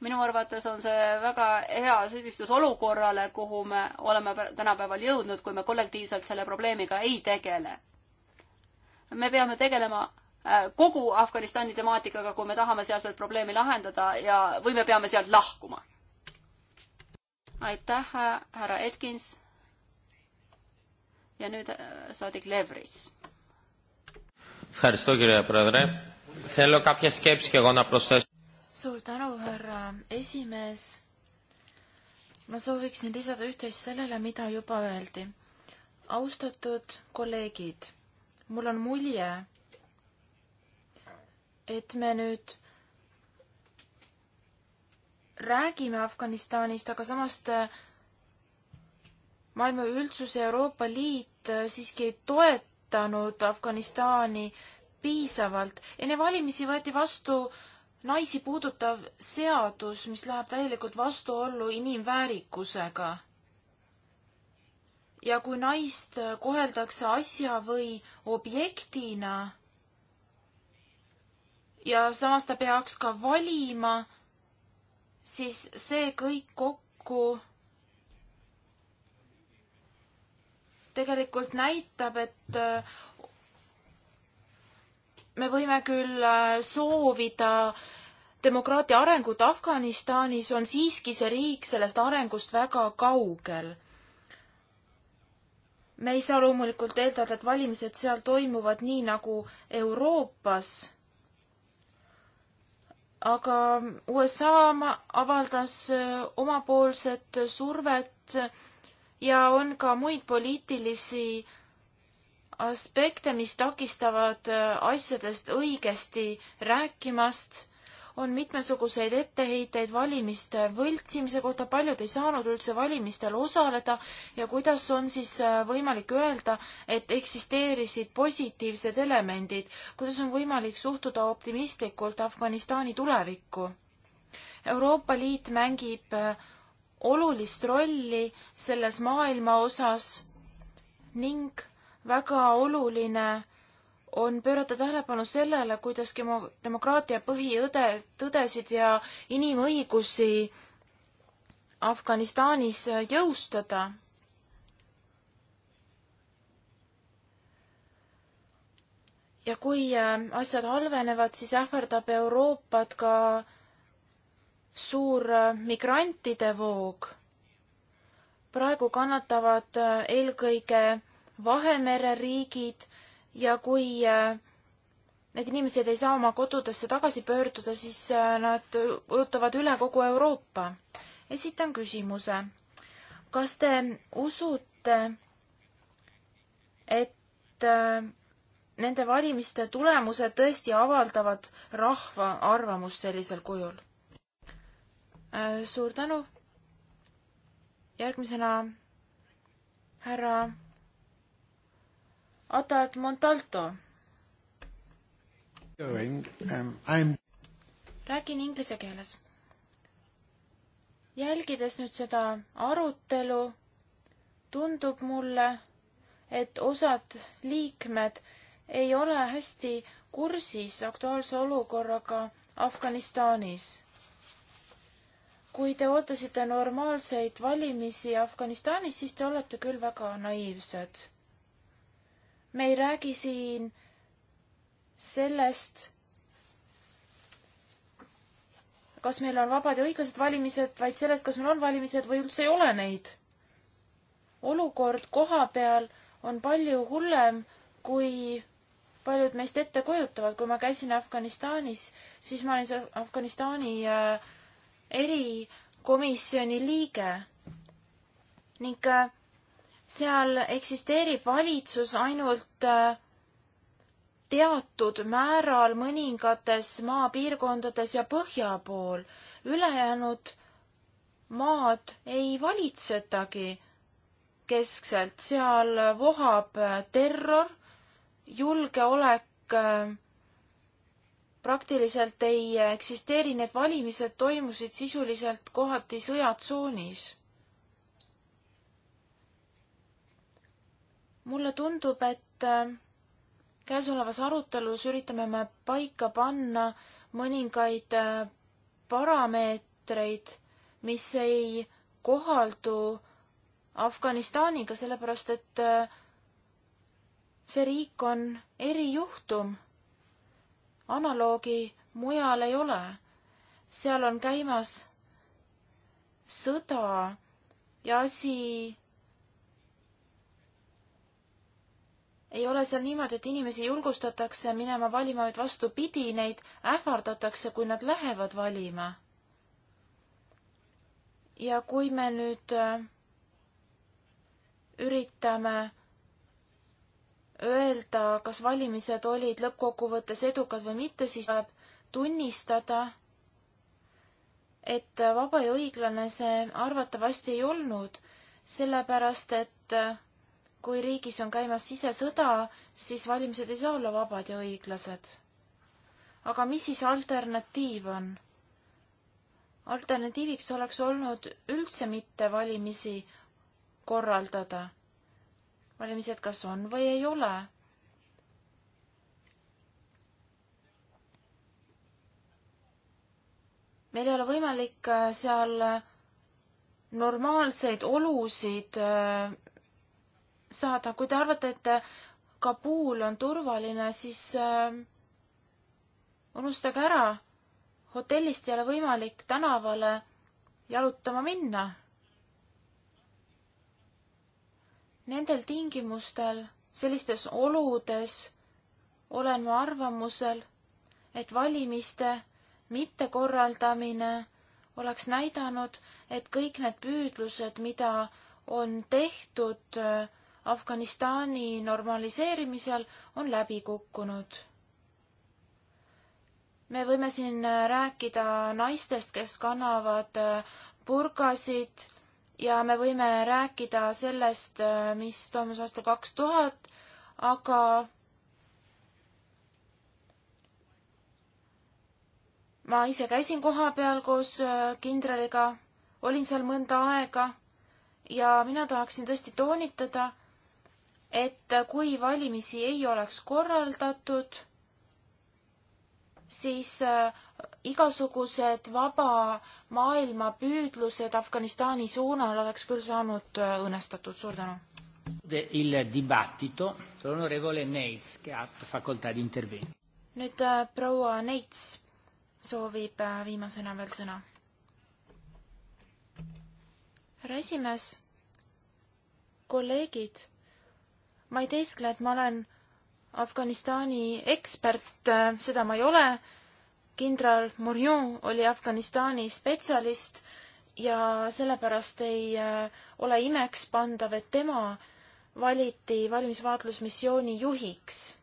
minu arvates on see väga hea süüdistus olukorrale, kuhu me oleme tänapäeval jõudnud, kui me kollektiivselt selle probleemiga ei tegele. me peame tegelema kogu Afganistani temaatikaga, kui me tahame sealset probleemi lahendada ja, või me peame sealt lahkuma. aitäh, härra Edkins ja nüüd äh, saadik Levris. suur tänu, härra esimees. ma sooviksin lisada üht-teist sellele, mida juba öeldi. austatud kolleegid, mul on mulje, et me nüüd räägime Afganistanist, aga samas maailma üldsus ja Euroopa Liit äh, siiski ei toetanud Afganistani piisavalt. enne valimisi võeti vastu naisi puudutav seadus, mis läheb täielikult vastuollu inimväärikusega. ja kui naist äh, koheldakse asja või objektina ja samas ta peaks ka valima, siis see kõik kokku tegelikult näitab, et äh, me võime küll äh, soovida demokraatia arengut Afganistanis, on siiski see riik sellest arengust väga kaugel. me ei saa loomulikult eeldada, et valimised seal toimuvad nii nagu Euroopas. aga USA avaldas äh, omapoolset survet ja on ka muid poliitilisi aspekte, mis takistavad äh, asjadest õigesti rääkimast, on mitmesuguseid etteheiteid valimiste võltsimise kohta, paljud ei saanud üldse valimistel osaleda ja kuidas on siis äh, võimalik öelda, et eksisteerisid positiivsed elemendid, kuidas on võimalik suhtuda optimistlikult Afganistani tulevikku? Euroopa Liit mängib äh, olulist rolli selles maailma osas ning väga oluline on pöörata tähelepanu sellele, kuidas demokraatia põhiõde, tõdesid ja inimõigusi Afganistanis jõustada. ja kui äh, asjad halvenevad, siis ähvardab Euroopat ka suur äh, migrantide voog. praegu kannatavad äh, eelkõige Vahemere riigid ja kui äh, need inimesed ei saa oma kodudesse tagasi pöörduda, siis nad ujutavad üle kogu Euroopa. esitan küsimuse. kas te usute, et nende valimiste tulemused tõesti avaldavad rahva arvamust sellisel kujul? Äh, suur tänu. järgmisena härra Atad Montalto. Um, räägin inglise keeles. jälgides nüüd seda arutelu, tundub mulle, et osad liikmed ei ole hästi kursis aktuaalse olukorraga Afganistanis kui te ootasite normaalseid valimisi Afganistanis, siis te olete küll väga naiivsed. me ei räägi siin sellest, kas meil on vabad ja õiglased valimised, vaid sellest, kas meil on valimised või üldse ei ole neid. olukord koha peal on palju hullem, kui paljud meist ette kujutavad. kui ma käisin Afganistanis, siis ma olin seal Afganistani äh, erikomisjoni liige ning äh, seal eksisteerib valitsus ainult äh, teatud määral mõningates maapiirkondades ja põhja pool. ülejäänud maad ei valitsetagi keskselt, seal vohab äh, terror, julgeolek praktiliselt ei eksisteeri, need valimised toimusid sisuliselt kohati sõjatsoonis. mulle tundub, et äh, käesolevas arutelus üritame me paika panna mõningaid äh, parameetreid, mis ei kohaldu Afganistaniga, sellepärast et äh, see riik on erijuhtum analoogi mujal ei ole. seal on käimas sõda ja asi ei ole seal niimoodi, et inimesi julgustatakse minema valima, vaid vastupidi, neid ähvardatakse, kui nad lähevad valima. ja kui me nüüd äh, üritame öelda, kas valimised olid lõppkokkuvõttes edukad või mitte, siis tuleb tunnistada, et vaba ja õiglane see arvatavasti ei olnud, sellepärast et äh, kui riigis on käimas sisesõda, siis valimised ei saa olla vabad ja õiglased. aga mis siis alternatiiv on? alternatiiviks oleks olnud üldse mitte valimisi korraldada valimised kas on või ei ole. meil ei ole võimalik äh, seal äh, normaalseid olusid äh, saada, kui te arvate, et Kabul on turvaline, siis unustage ära, hotellist ei ole võimalik tänavale jalutama minna nendel tingimustel, sellistes oludes olen ma arvamusel, et valimiste mittekorraldamine oleks näidanud, et kõik need püüdlused, mida on tehtud äh, Afganistani normaliseerimisel, on läbi kukkunud. me võime siin äh, rääkida naistest, kes kannavad burgasid äh, ja me võime rääkida sellest, äh, mis toimus aastal kaks tuhat, aga ma ise käisin kohapeal koos äh, kindraliga, olin seal mõnda aega ja mina tahaksin tõesti toonitada, et kui valimisi ei oleks korraldatud, siis äh, igasugused vaba maailma püüdlused Afganistani suunal oleks küll saanud äh, õõnestatud. suur tänu. Il dibattito, l'onorevole Neits, che ha facoltà di intervenire. nüüd äh, proua Neits soovib viimasena veel sõna. härra esimees, kolleegid, ma ei teiskle, et ma olen Afganistani ekspert, seda ma ei ole. kindral Morion oli Afganistani spetsialist ja sellepärast ei äh, ole imekspandav, et tema valiti valimisvaatlusmissiooni juhiks.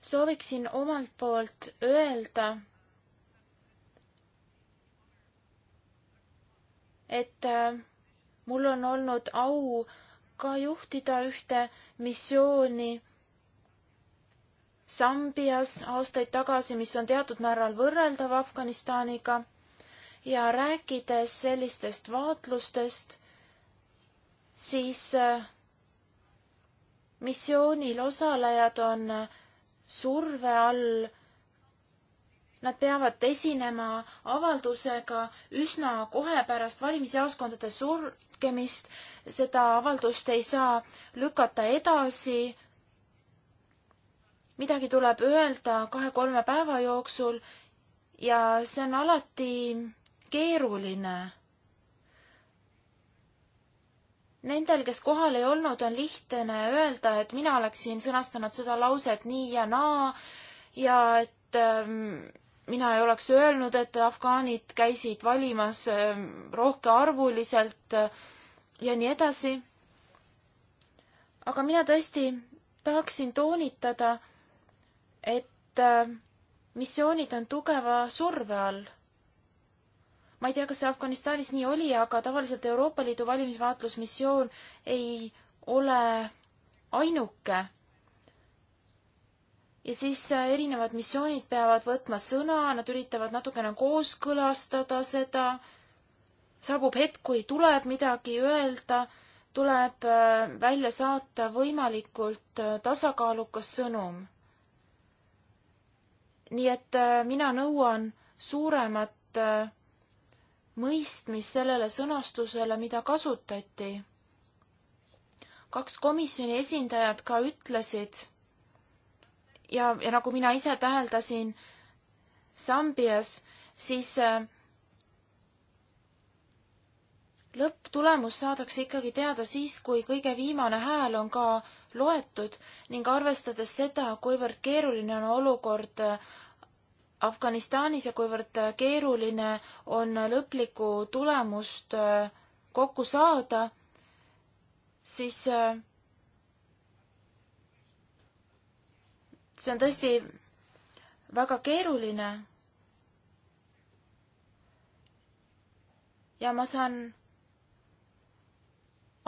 sooviksin omalt poolt öelda, et äh, mul on olnud au ka juhtida ühte missiooni Sambias aastaid tagasi, mis on teatud määral võrreldav Afganistaniga ja rääkides sellistest vaatlustest, siis äh, missioonil osalejad on äh, surve all. Nad peavad esinema avaldusega üsna kohe pärast valimisjaoskondade sulgemist seda avaldust ei saa lükata edasi. midagi tuleb öelda kahe-kolme päeva jooksul ja see on alati keeruline. Nendel, kes kohal ei olnud, on lihtne öelda, et mina oleksin sõnastanud seda lauset nii ja naa ja et ähm, mina ei oleks öelnud, et afgaanid käisid valimas ähm, rohkearvuliselt ja nii edasi. aga mina tõesti tahaksin toonitada, et äh, missioonid on tugeva surve all. ma ei tea, kas see Afganistanis nii oli, aga tavaliselt Euroopa Liidu valimisvaatlusmissioon ei ole ainuke. ja siis äh, erinevad missioonid peavad võtma sõna, nad üritavad natukene kooskõlastada seda saabub hetk, kui tuleb midagi öelda, tuleb äh, välja saata võimalikult äh, tasakaalukas sõnum. nii et äh, mina nõuan suuremat mõistmist sellele sõnastusele, mida kasutati. kaks komisjoni esindajat ka ütlesid ja, ja nagu mina ise täheldasin Sambias, siis äh, lõpptulemus saadakse ikkagi teada siis, kui kõige viimane hääl on ka loetud ning arvestades seda, kuivõrd keeruline on olukord äh, Afganistanis ja kuivõrd äh, keeruline on lõplikku tulemust äh, kokku saada, siis see on tõesti väga keeruline. ja ma saan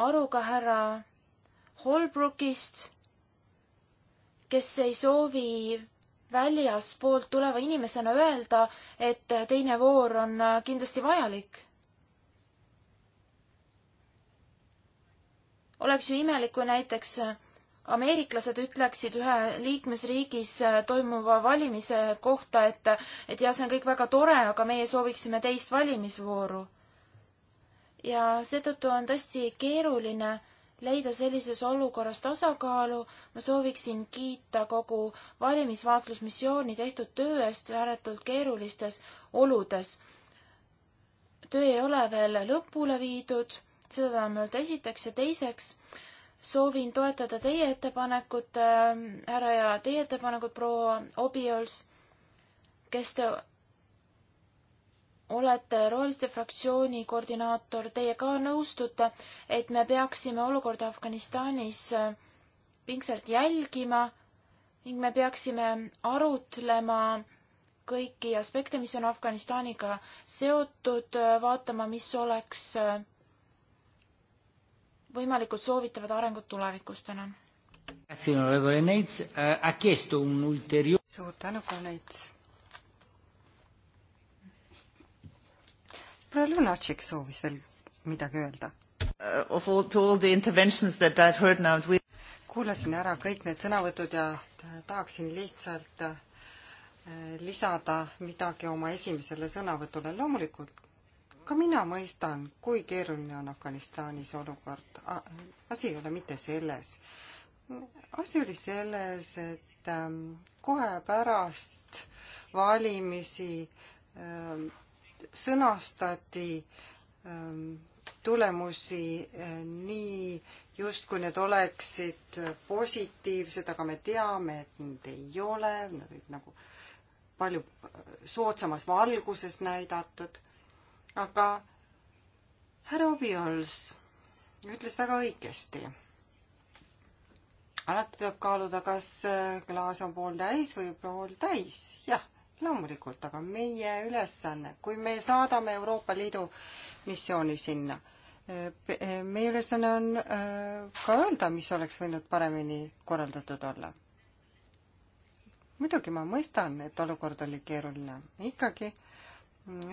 aru ka härra Holbrookist, kes ei soovi väljaspoolt tuleva inimesena öelda, et teine voor on kindlasti vajalik. oleks ju imelik, kui näiteks ameeriklased ütleksid ühe liikmesriigis toimuva valimise kohta, et, et jah, see on kõik väga tore, aga meie sooviksime teist valimisvooru ja seetõttu on tõesti keeruline leida sellises olukorras tasakaalu. ma sooviksin kiita kogu valimisvaatlusmissiooni tehtud töö eest ääretult keerulistes oludes. töö ei ole veel lõpule viidud, seda tahan öelda esiteks ja teiseks soovin toetada teie ettepanekut äh,, härra ja teie ettepanekut, proua Obiols, kes te olete Roheliste fraktsiooni koordinaator, teie ka nõustute, et me peaksime olukorda Afganistanis äh, pingsalt jälgima ning me peaksime arutlema kõiki aspekte, mis on Afganistaniga seotud, äh, vaatama, mis oleks äh, võimalikult soovitavad arengud tulevikus täna. suur tänu, proua Neits. proua Lunatšik soovis veel midagi öelda. kuulasin ära kõik need sõnavõtud ja tahaksin lihtsalt äh, lisada midagi oma esimesele sõnavõtule. loomulikult ka mina mõistan, kui keeruline on Afganistanis olukord. asi ei ole mitte selles. asi oli selles, et ähm, kohe pärast valimisi ähm, sõnastati ähm, tulemusi äh, nii, justkui need oleksid positiivsed, aga me teame, et need ei ole, nad olid nagu palju äh, soodsamas valguses näidatud. aga härra Obiols ütles väga õigesti. alati tuleb kaaluda, kas äh, klaas on pooltäis või pooltäis, jah loomulikult, aga meie ülesanne, kui me saadame Euroopa Liidu missiooni sinna, eh, meie ülesanne on eh, ka öelda, mis oleks võinud paremini korraldatud olla. muidugi ma mõistan, et olukord oli keeruline, ikkagi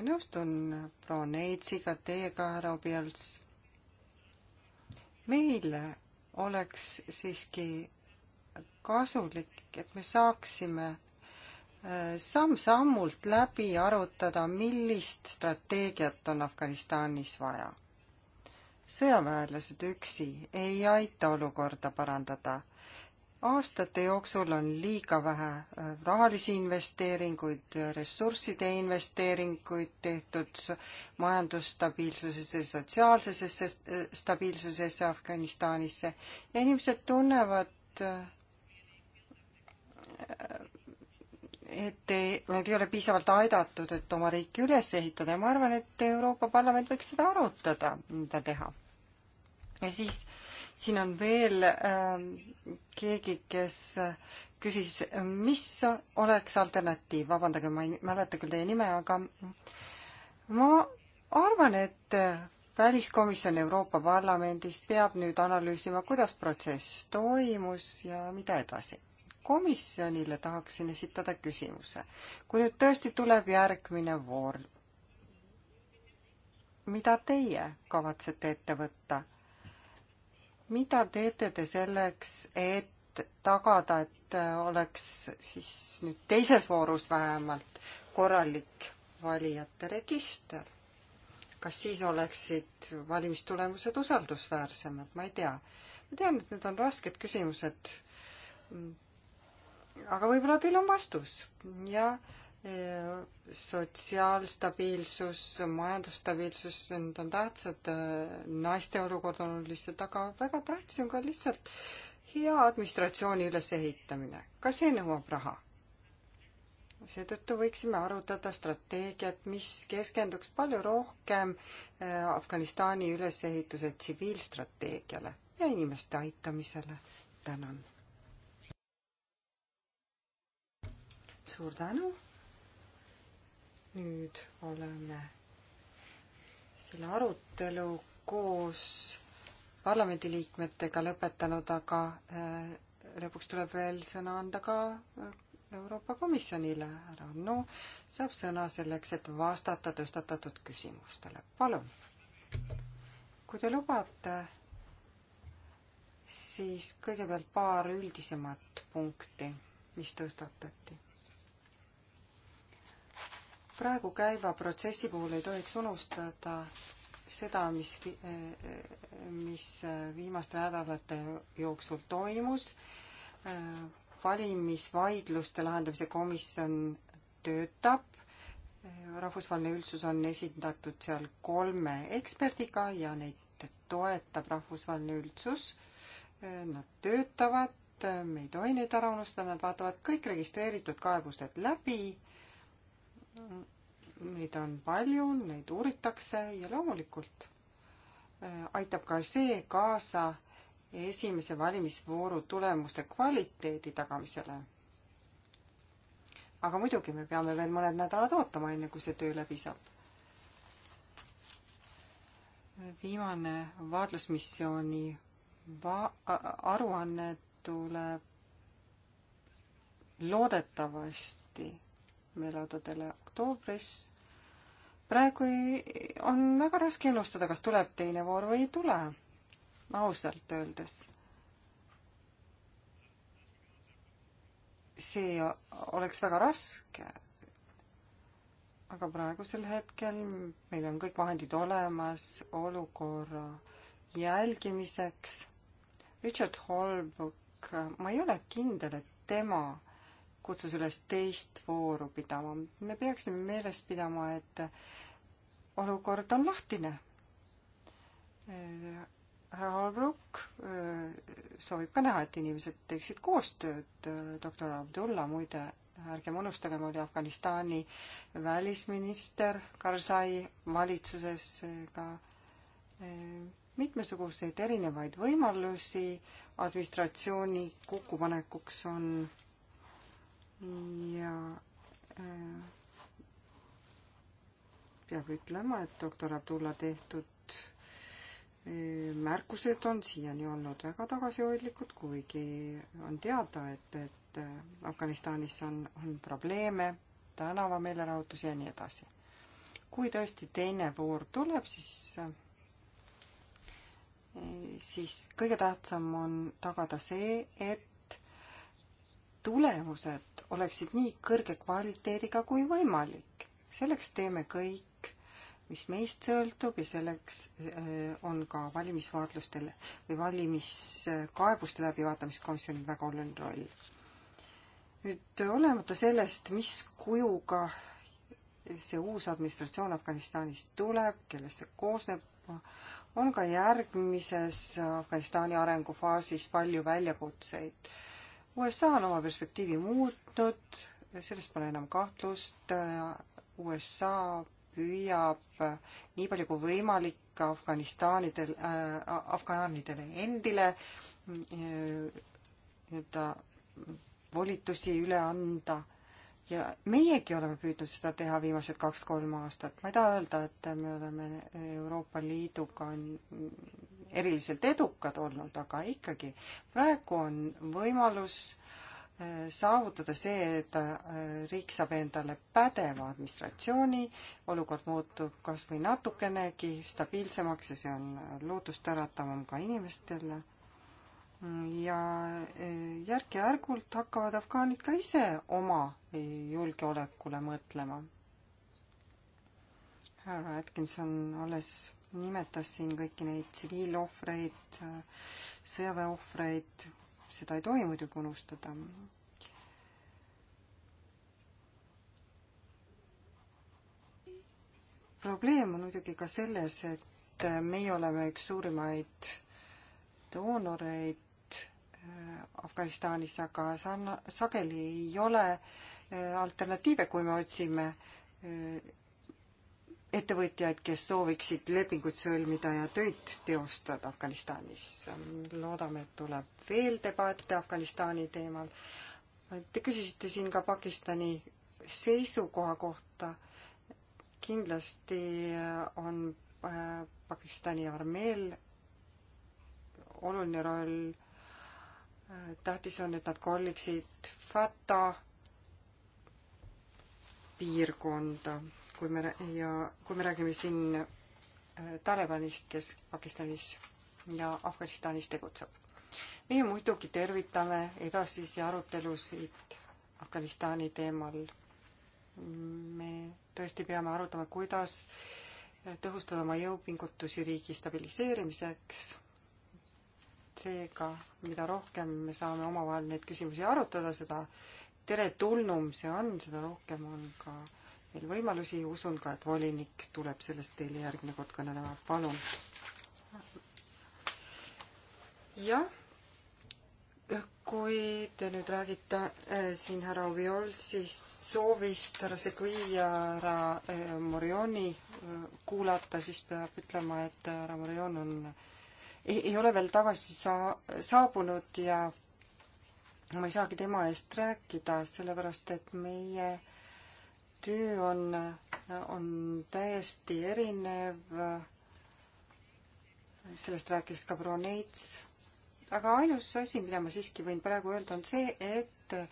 nõustun proua Neitsiga, teiega, härra Obielts. meile oleks siiski kasulik, et me saaksime samm-sammult läbi arutada, millist strateegiat on Afganistanis vaja. sõjaväelased üksi ei aita olukorda parandada. aastate jooksul on liiga vähe äh, rahalisi investeeringuid, ressursside investeeringuid tehtud majandusstabiilsusesse, sotsiaalsesse äh, stabiilsusesse Afganistanisse ja inimesed tunnevad äh, et meid ei ole piisavalt aidatud, et oma riiki üles ehitada ja ma arvan, et Euroopa Parlament võiks seda arutada, mida teha. ja siis siin on veel äh, keegi, kes äh, küsis, mis oleks alternatiiv, vabandage, ma ei mäleta küll teie nime, aga ma arvan, et äh, väliskomisjon Euroopa Parlamendis peab nüüd analüüsima, kuidas protsess toimus ja mida edasi komisjonile tahaksin esitada küsimuse. kui nüüd tõesti tuleb järgmine voor, mida teie kavatsete ette võtta? mida teete te selleks, et tagada, et oleks siis nüüd teises voorus vähemalt korralik valijate register? kas siis oleksid valimistulemused usaldusväärsemad, ma ei tea. ma tean, et need on rasked küsimused aga võib-olla teil on vastus ja eh, sotsiaalstabiilsus, majandusstabiilsus, need on tähtsad, eh, naiste olukord on lihtsalt, aga väga tähtis on ka lihtsalt hea administratsiooni ülesehitamine, ka see nõuab raha. seetõttu võiksime arutada strateegiat, mis keskenduks palju rohkem eh, Afganistani ülesehituse tsiviilstrateegiale ja inimeste aitamisele. tänan suur tänu. nüüd oleme selle arutelu koos parlamendiliikmetega lõpetanud, aga äh, lõpuks tuleb veel sõna anda ka äh, Euroopa Komisjonile. härra Annu no, saab sõna selleks, et vastata tõstatatud küsimustele. palun. kui te lubate, siis kõigepealt paar üldisemat punkti, mis tõstatati praegu käiva protsessi puhul ei tohiks unustada seda, mis, mis viimaste nädalate jooksul toimus. valimisvaidluste lahendamise komisjon töötab, rahvusvaheline üldsus on esindatud seal kolme eksperdiga ja neid toetab rahvusvaheline üldsus. Nad töötavad, me ei tohi neid ära unustada, nad vaatavad kõik registreeritud kaebused läbi meid on palju, neid uuritakse ja loomulikult äh, aitab ka see kaasa esimese valimisvooru tulemuste kvaliteedi tagamisele. aga muidugi me peame veel mõned nädalad ootama, enne kui see töö läbi saab. viimane vaatlusmissiooni va-, aruanne tuleb loodetavasti meeleoludele oktoobris. praegu ei, on väga raske ennustada, kas tuleb teine voor või ei tule, ausalt öeldes. see oleks väga raske. aga praegusel hetkel meil on kõik vahendid olemas olukorra jälgimiseks. Richard Holbrook, ma ei ole kindel, et tema kutsus üles teist vooru pidama. me peaksime meeles pidama, et olukord on lahtine. härra Holbrook äh, soovib ka näha, et inimesed teeksid koostööd. Äh, doktor Abdullah muide, ärgem unustagem, oli Afganistani välisminister Karzai valitsuses ka äh, mitmesuguseid erinevaid võimalusi administratsiooni kokkupanekuks on ja äh, peab ütlema, et doktor Abdulla tehtud äh, märkused on siiani olnud väga tagasihoidlikud, kuigi on teada, et, et äh, Afganistanis on, on probleeme, tänavameelelahutusi ja nii edasi. kui tõesti teine voor tuleb, siis siis kõige tähtsam on tagada see, et tulemused oleksid nii kõrge kvaliteediga kui võimalik. selleks teeme kõik, mis meist sõltub ja selleks äh, on ka valimisvaatlustel või valimiskaebuste läbivaatamiskomisjonil väga oluline roll. nüüd olenemata sellest, mis kujuga see uus administratsioon Afganistanis tuleb, kellest see koosneb, on ka järgmises Afganistani arengufaasis palju väljakutseid USA on oma perspektiivi muutnud, selles pole enam kahtlust, USA püüab nii palju kui võimalik Afganistanidel äh,, afgaanidele endile äh, nii-öelda äh, volitusi üle anda ja meiegi oleme püüdnud seda teha viimased kaks-kolm aastat. ma ei taha öelda, et me oleme Euroopa Liiduga eriliselt edukad olnud, aga ikkagi praegu on võimalus äh, saavutada see, et äh, riik saab endale pädeva administratsiooni, olukord muutub kas või natukenegi stabiilsemaks ja see on äh, lootustäratavam ka inimestele. ja järk-järgult hakkavad afgaanid ka ise oma julgeolekule mõtlema. härra Atkinson alles nimetas siin kõiki neid tsiviilohvreid, sõjaväeohvreid, seda ei tohi muidugi unustada. probleem on muidugi ka selles, et meie oleme üks suurimaid doonoreid äh, Afganistanis, aga sarna-, sageli ei ole äh, alternatiive, kui me otsime äh, ettevõtjaid, kes sooviksid lepinguid sõlmida ja tööd teostada Afganistanis. loodame, et tuleb veel debatte Afganistani teemal. Te küsisite siin ka Pakistani seisukoha kohta. kindlasti on äh, Pakistani armeel oluline roll. Äh, tähtis on, et nad kolliksid FATA piirkonda kui me ja kui me räägime siin äh, Talibanist, kes Pakistanis ja Afganistanis tegutseb. meie muidugi tervitame edasisi arutelusid Afganistani teemal. me tõesti peame arutama, kuidas tõhustada oma jõupingutusi riigi stabiliseerimiseks. seega, mida rohkem me saame omavahel neid küsimusi arutada, seda teretulnum see on, seda rohkem on ka äh, veel võimalusi, usun ka, et volinik tuleb sellest teile järgmine kord kõnelema, palun. jah, kui te nüüd räägite äh, siin härra Violsist soovist härra Segui ja härra äh, Morioni äh, kuulata, siis peab ütlema, et äh, härra Morion on ei, ei ole veel tagasi saa-, saabunud ja ma ei saagi tema eest rääkida, sellepärast et meie äh, töö on, on täiesti erinev. sellest rääkis ka proua Neits. aga ainus asi, mida ma siiski võin praegu öelda, on see, et äh,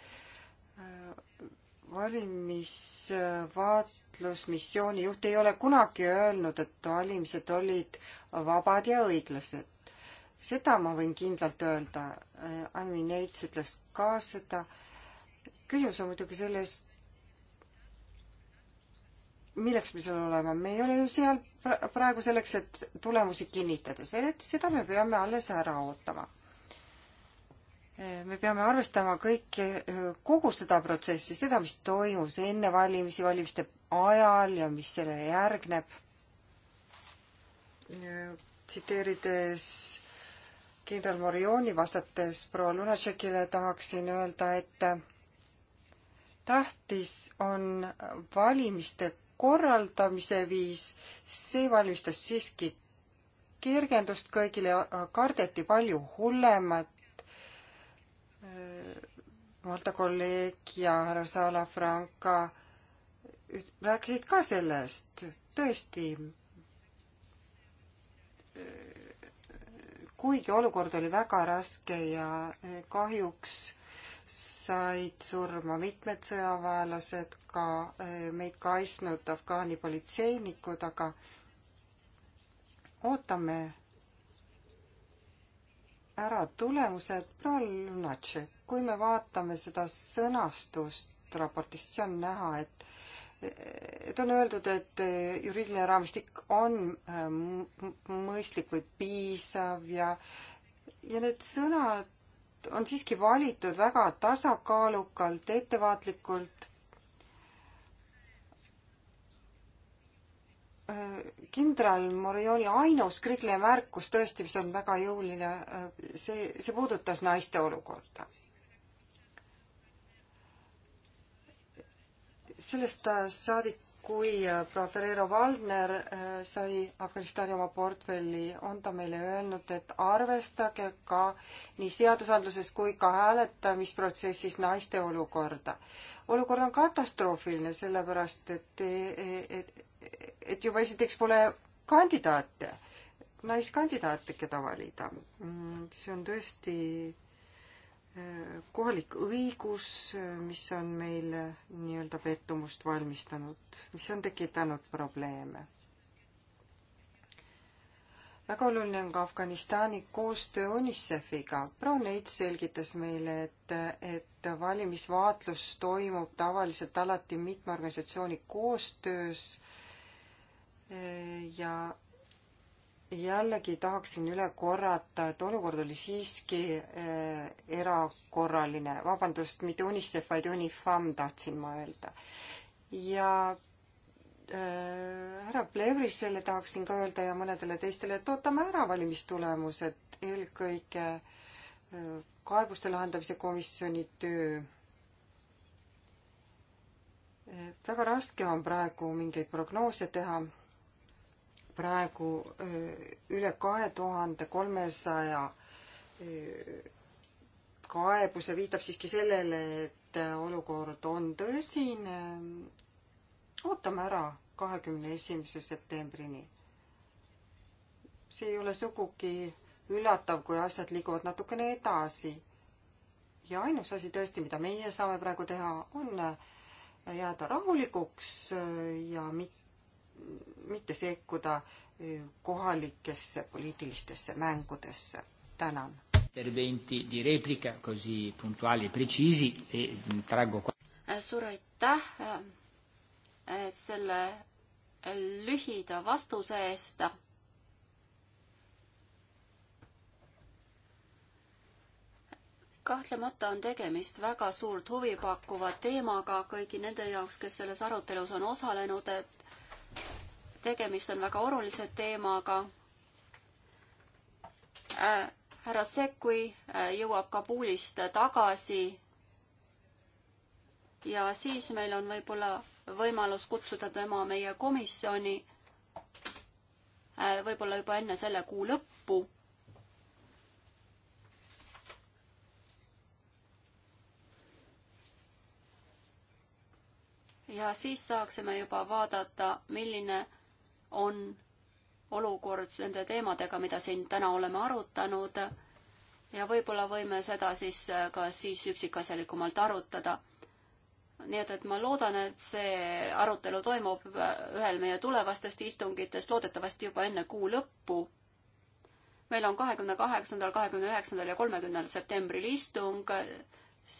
valimisvaatlusmissiooni juht ei ole kunagi öelnud, et valimised olid vabad ja õiglased. seda ma võin kindlalt öelda. Äh, Anni Neits ütles ka seda. küsimus on muidugi selles, milleks me seal oleme, me ei ole ju seal praegu selleks, et tulemusi kinnitada, seda me peame alles ära ootama. me peame arvestama kõike, kogu seda protsessi, seda, mis toimus enne valimisi, valimiste ajal ja mis sellele järgneb. tsiteerides kindral Morioni vastates proua Lunatšekile tahaksin öelda, et tähtis on valimiste korraldamise viis, see valmistas siiski kergendust kõigile, kardeti palju hullemat. Malta äh, kolleeg ja härra Salafranca rääkisid ka sellest, tõesti. Äh, kuigi olukord oli väga raske ja kahjuks said surma mitmed sõjaväelased, ka eh, meid kaitsnud Afgaani politseinikud, aga ootame ära tulemused prallunatše. kui me vaatame seda sõnastust raportist, siis on näha, et et on öeldud, et eh, juriidiline raamistik on eh, mõistlik või piisav ja ja need sõnad on siiski valitud väga tasakaalukalt, ettevaatlikult. Äh, kindral Morioni ainus Krigle märkus tõesti, mis on väga jõuline, äh, see, see puudutas naiste olukorda sellest äh, saadik kui äh, Proferero Valdner äh, sai Afganistani oma portfelli, on ta meile öelnud, et arvestage ka nii seadusandluses kui ka hääletamisprotsessis naiste olukorda. olukord on katastroofiline, sellepärast et, et, et juba esiteks pole kandidaate, naiskandidaate, keda valida. Mm, see on tõesti kohalik õigus, mis on meile nii-öelda pettumust valmistanud, mis on tekitanud probleeme. väga oluline on ka Afganistani koostöö UNICEF-iga. proua Neits selgitas meile, et, et valimisvaatlus toimub tavaliselt alati mitme organisatsiooni koostöös eh, ja jällegi tahaksin üle korrata, et olukord oli siiski äh, erakorraline, vabandust, mitte UNICEF, vaid UNIFAM tahtsin ma öelda. ja äh, härra Plevrisele tahaksin ka öelda ja mõnedele teistele, et ootame ära valimistulemused, eelkõige äh, kaebuste lahendamise komisjoni töö. väga raske on praegu mingeid prognoose teha praegu üle kahe tuhande kolmesaja kaebuse viitab siiski sellele, et olukord on tõsine. ootame ära kahekümne esimese septembrini. see ei ole sugugi üllatav, kui asjad liiguvad natukene edasi. ja ainus asi tõesti, mida meie saame praegu teha, on äh, jääda rahulikuks äh, ja mitte mitte sekkuda eh, kohalikesse poliitilistesse mängudesse. tänan. E e eh, suur aitäh eh, selle lühida vastuse eest kahtlemata on tegemist väga suurt huvipakkuva teemaga kõigi nende jaoks, kes selles arutelus on osalenud, et tegemist on väga olulise teemaga äh,. härra Sekui äh, jõuab Kabulist tagasi. ja siis meil on võib-olla võimalus kutsuda tema meie komisjoni äh,. võib-olla juba enne selle kuu lõppu. ja siis saaksime juba vaadata, milline on olukord nende teemadega, mida siin täna oleme arutanud ja võib-olla võime seda siis äh, ka siis üksikasjalikumalt arutada. nii et, et ma loodan, et see arutelu toimub äh, ühel meie tulevastest istungitest, loodetavasti juba enne kuu lõppu. meil on kahekümne kaheksandal, kahekümne üheksandal ja kolmekümnendal septembril istung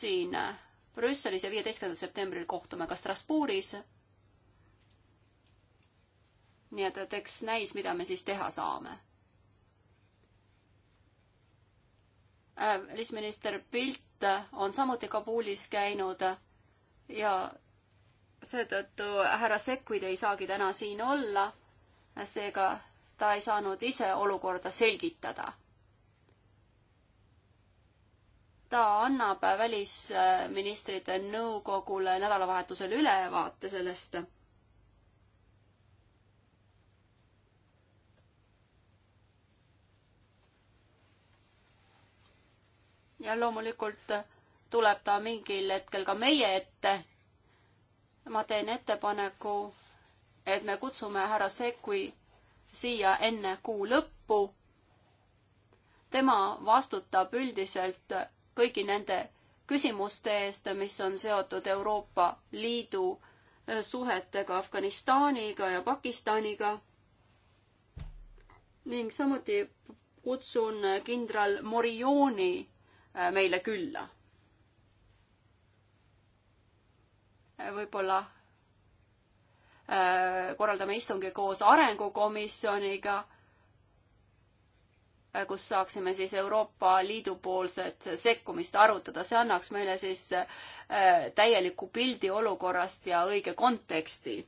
siin äh, Brüsselis ja viieteistkümnendal septembril kohtume ka Strasbourgis nii et, et eks näis, mida me siis teha saame äh, välisminister Pilt on samuti Kabulis käinud ja seetõttu härra Sekkuid ei saagi täna siin olla, seega ta ei saanud ise olukorda selgitada. ta annab välisministrite nõukogule nädalavahetusel ülevaate sellest ja loomulikult tuleb ta mingil hetkel ka meie ette. ma teen ettepaneku, et me kutsume härra Sekui siia enne kuu lõppu. tema vastutab üldiselt kõigi nende küsimuste eest, mis on seotud Euroopa Liidu suhetega Afganistaniga ja Pakistaniga. ning samuti kutsun kindral Morioni Äh, meile külla. võib-olla äh, korraldame istungi koos arengukomisjoniga, äh, kus saaksime siis Euroopa Liidu poolset sekkumist arutada, see annaks meile siis täieliku pildi olukorrast ja õige konteksti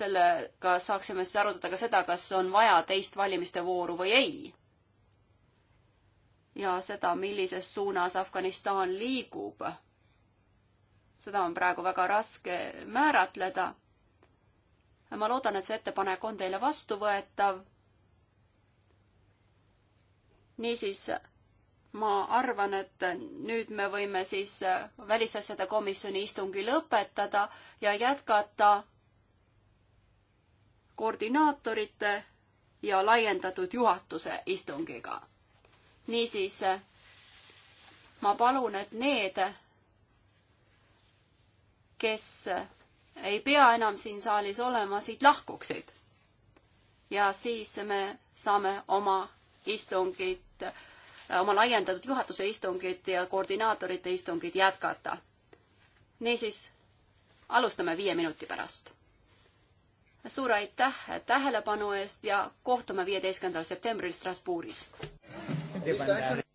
sellega saaksime siis arutada ka seda, kas on vaja teist valimiste vooru või ei ja seda, millises suunas Afganistan liigub. seda on praegu väga raske määratleda. ma loodan, et see ettepanek on teile vastuvõetav. niisiis, ma arvan, et nüüd me võime siis välisasjade komisjoni istungi lõpetada ja jätkata koordinaatorite ja laiendatud juhatuse istungiga niisiis ma palun, et need, kes ei pea enam siin saalis olema, siit lahkuksid. ja siis me saame oma istungit, oma laiendatud juhatuse istungit ja koordinaatorite istungit jätkata. niisiis, alustame viie minuti pärast. suur aitäh tähelepanu eest ja kohtume viieteistkümnendal septembril Strasbourgis de bandera.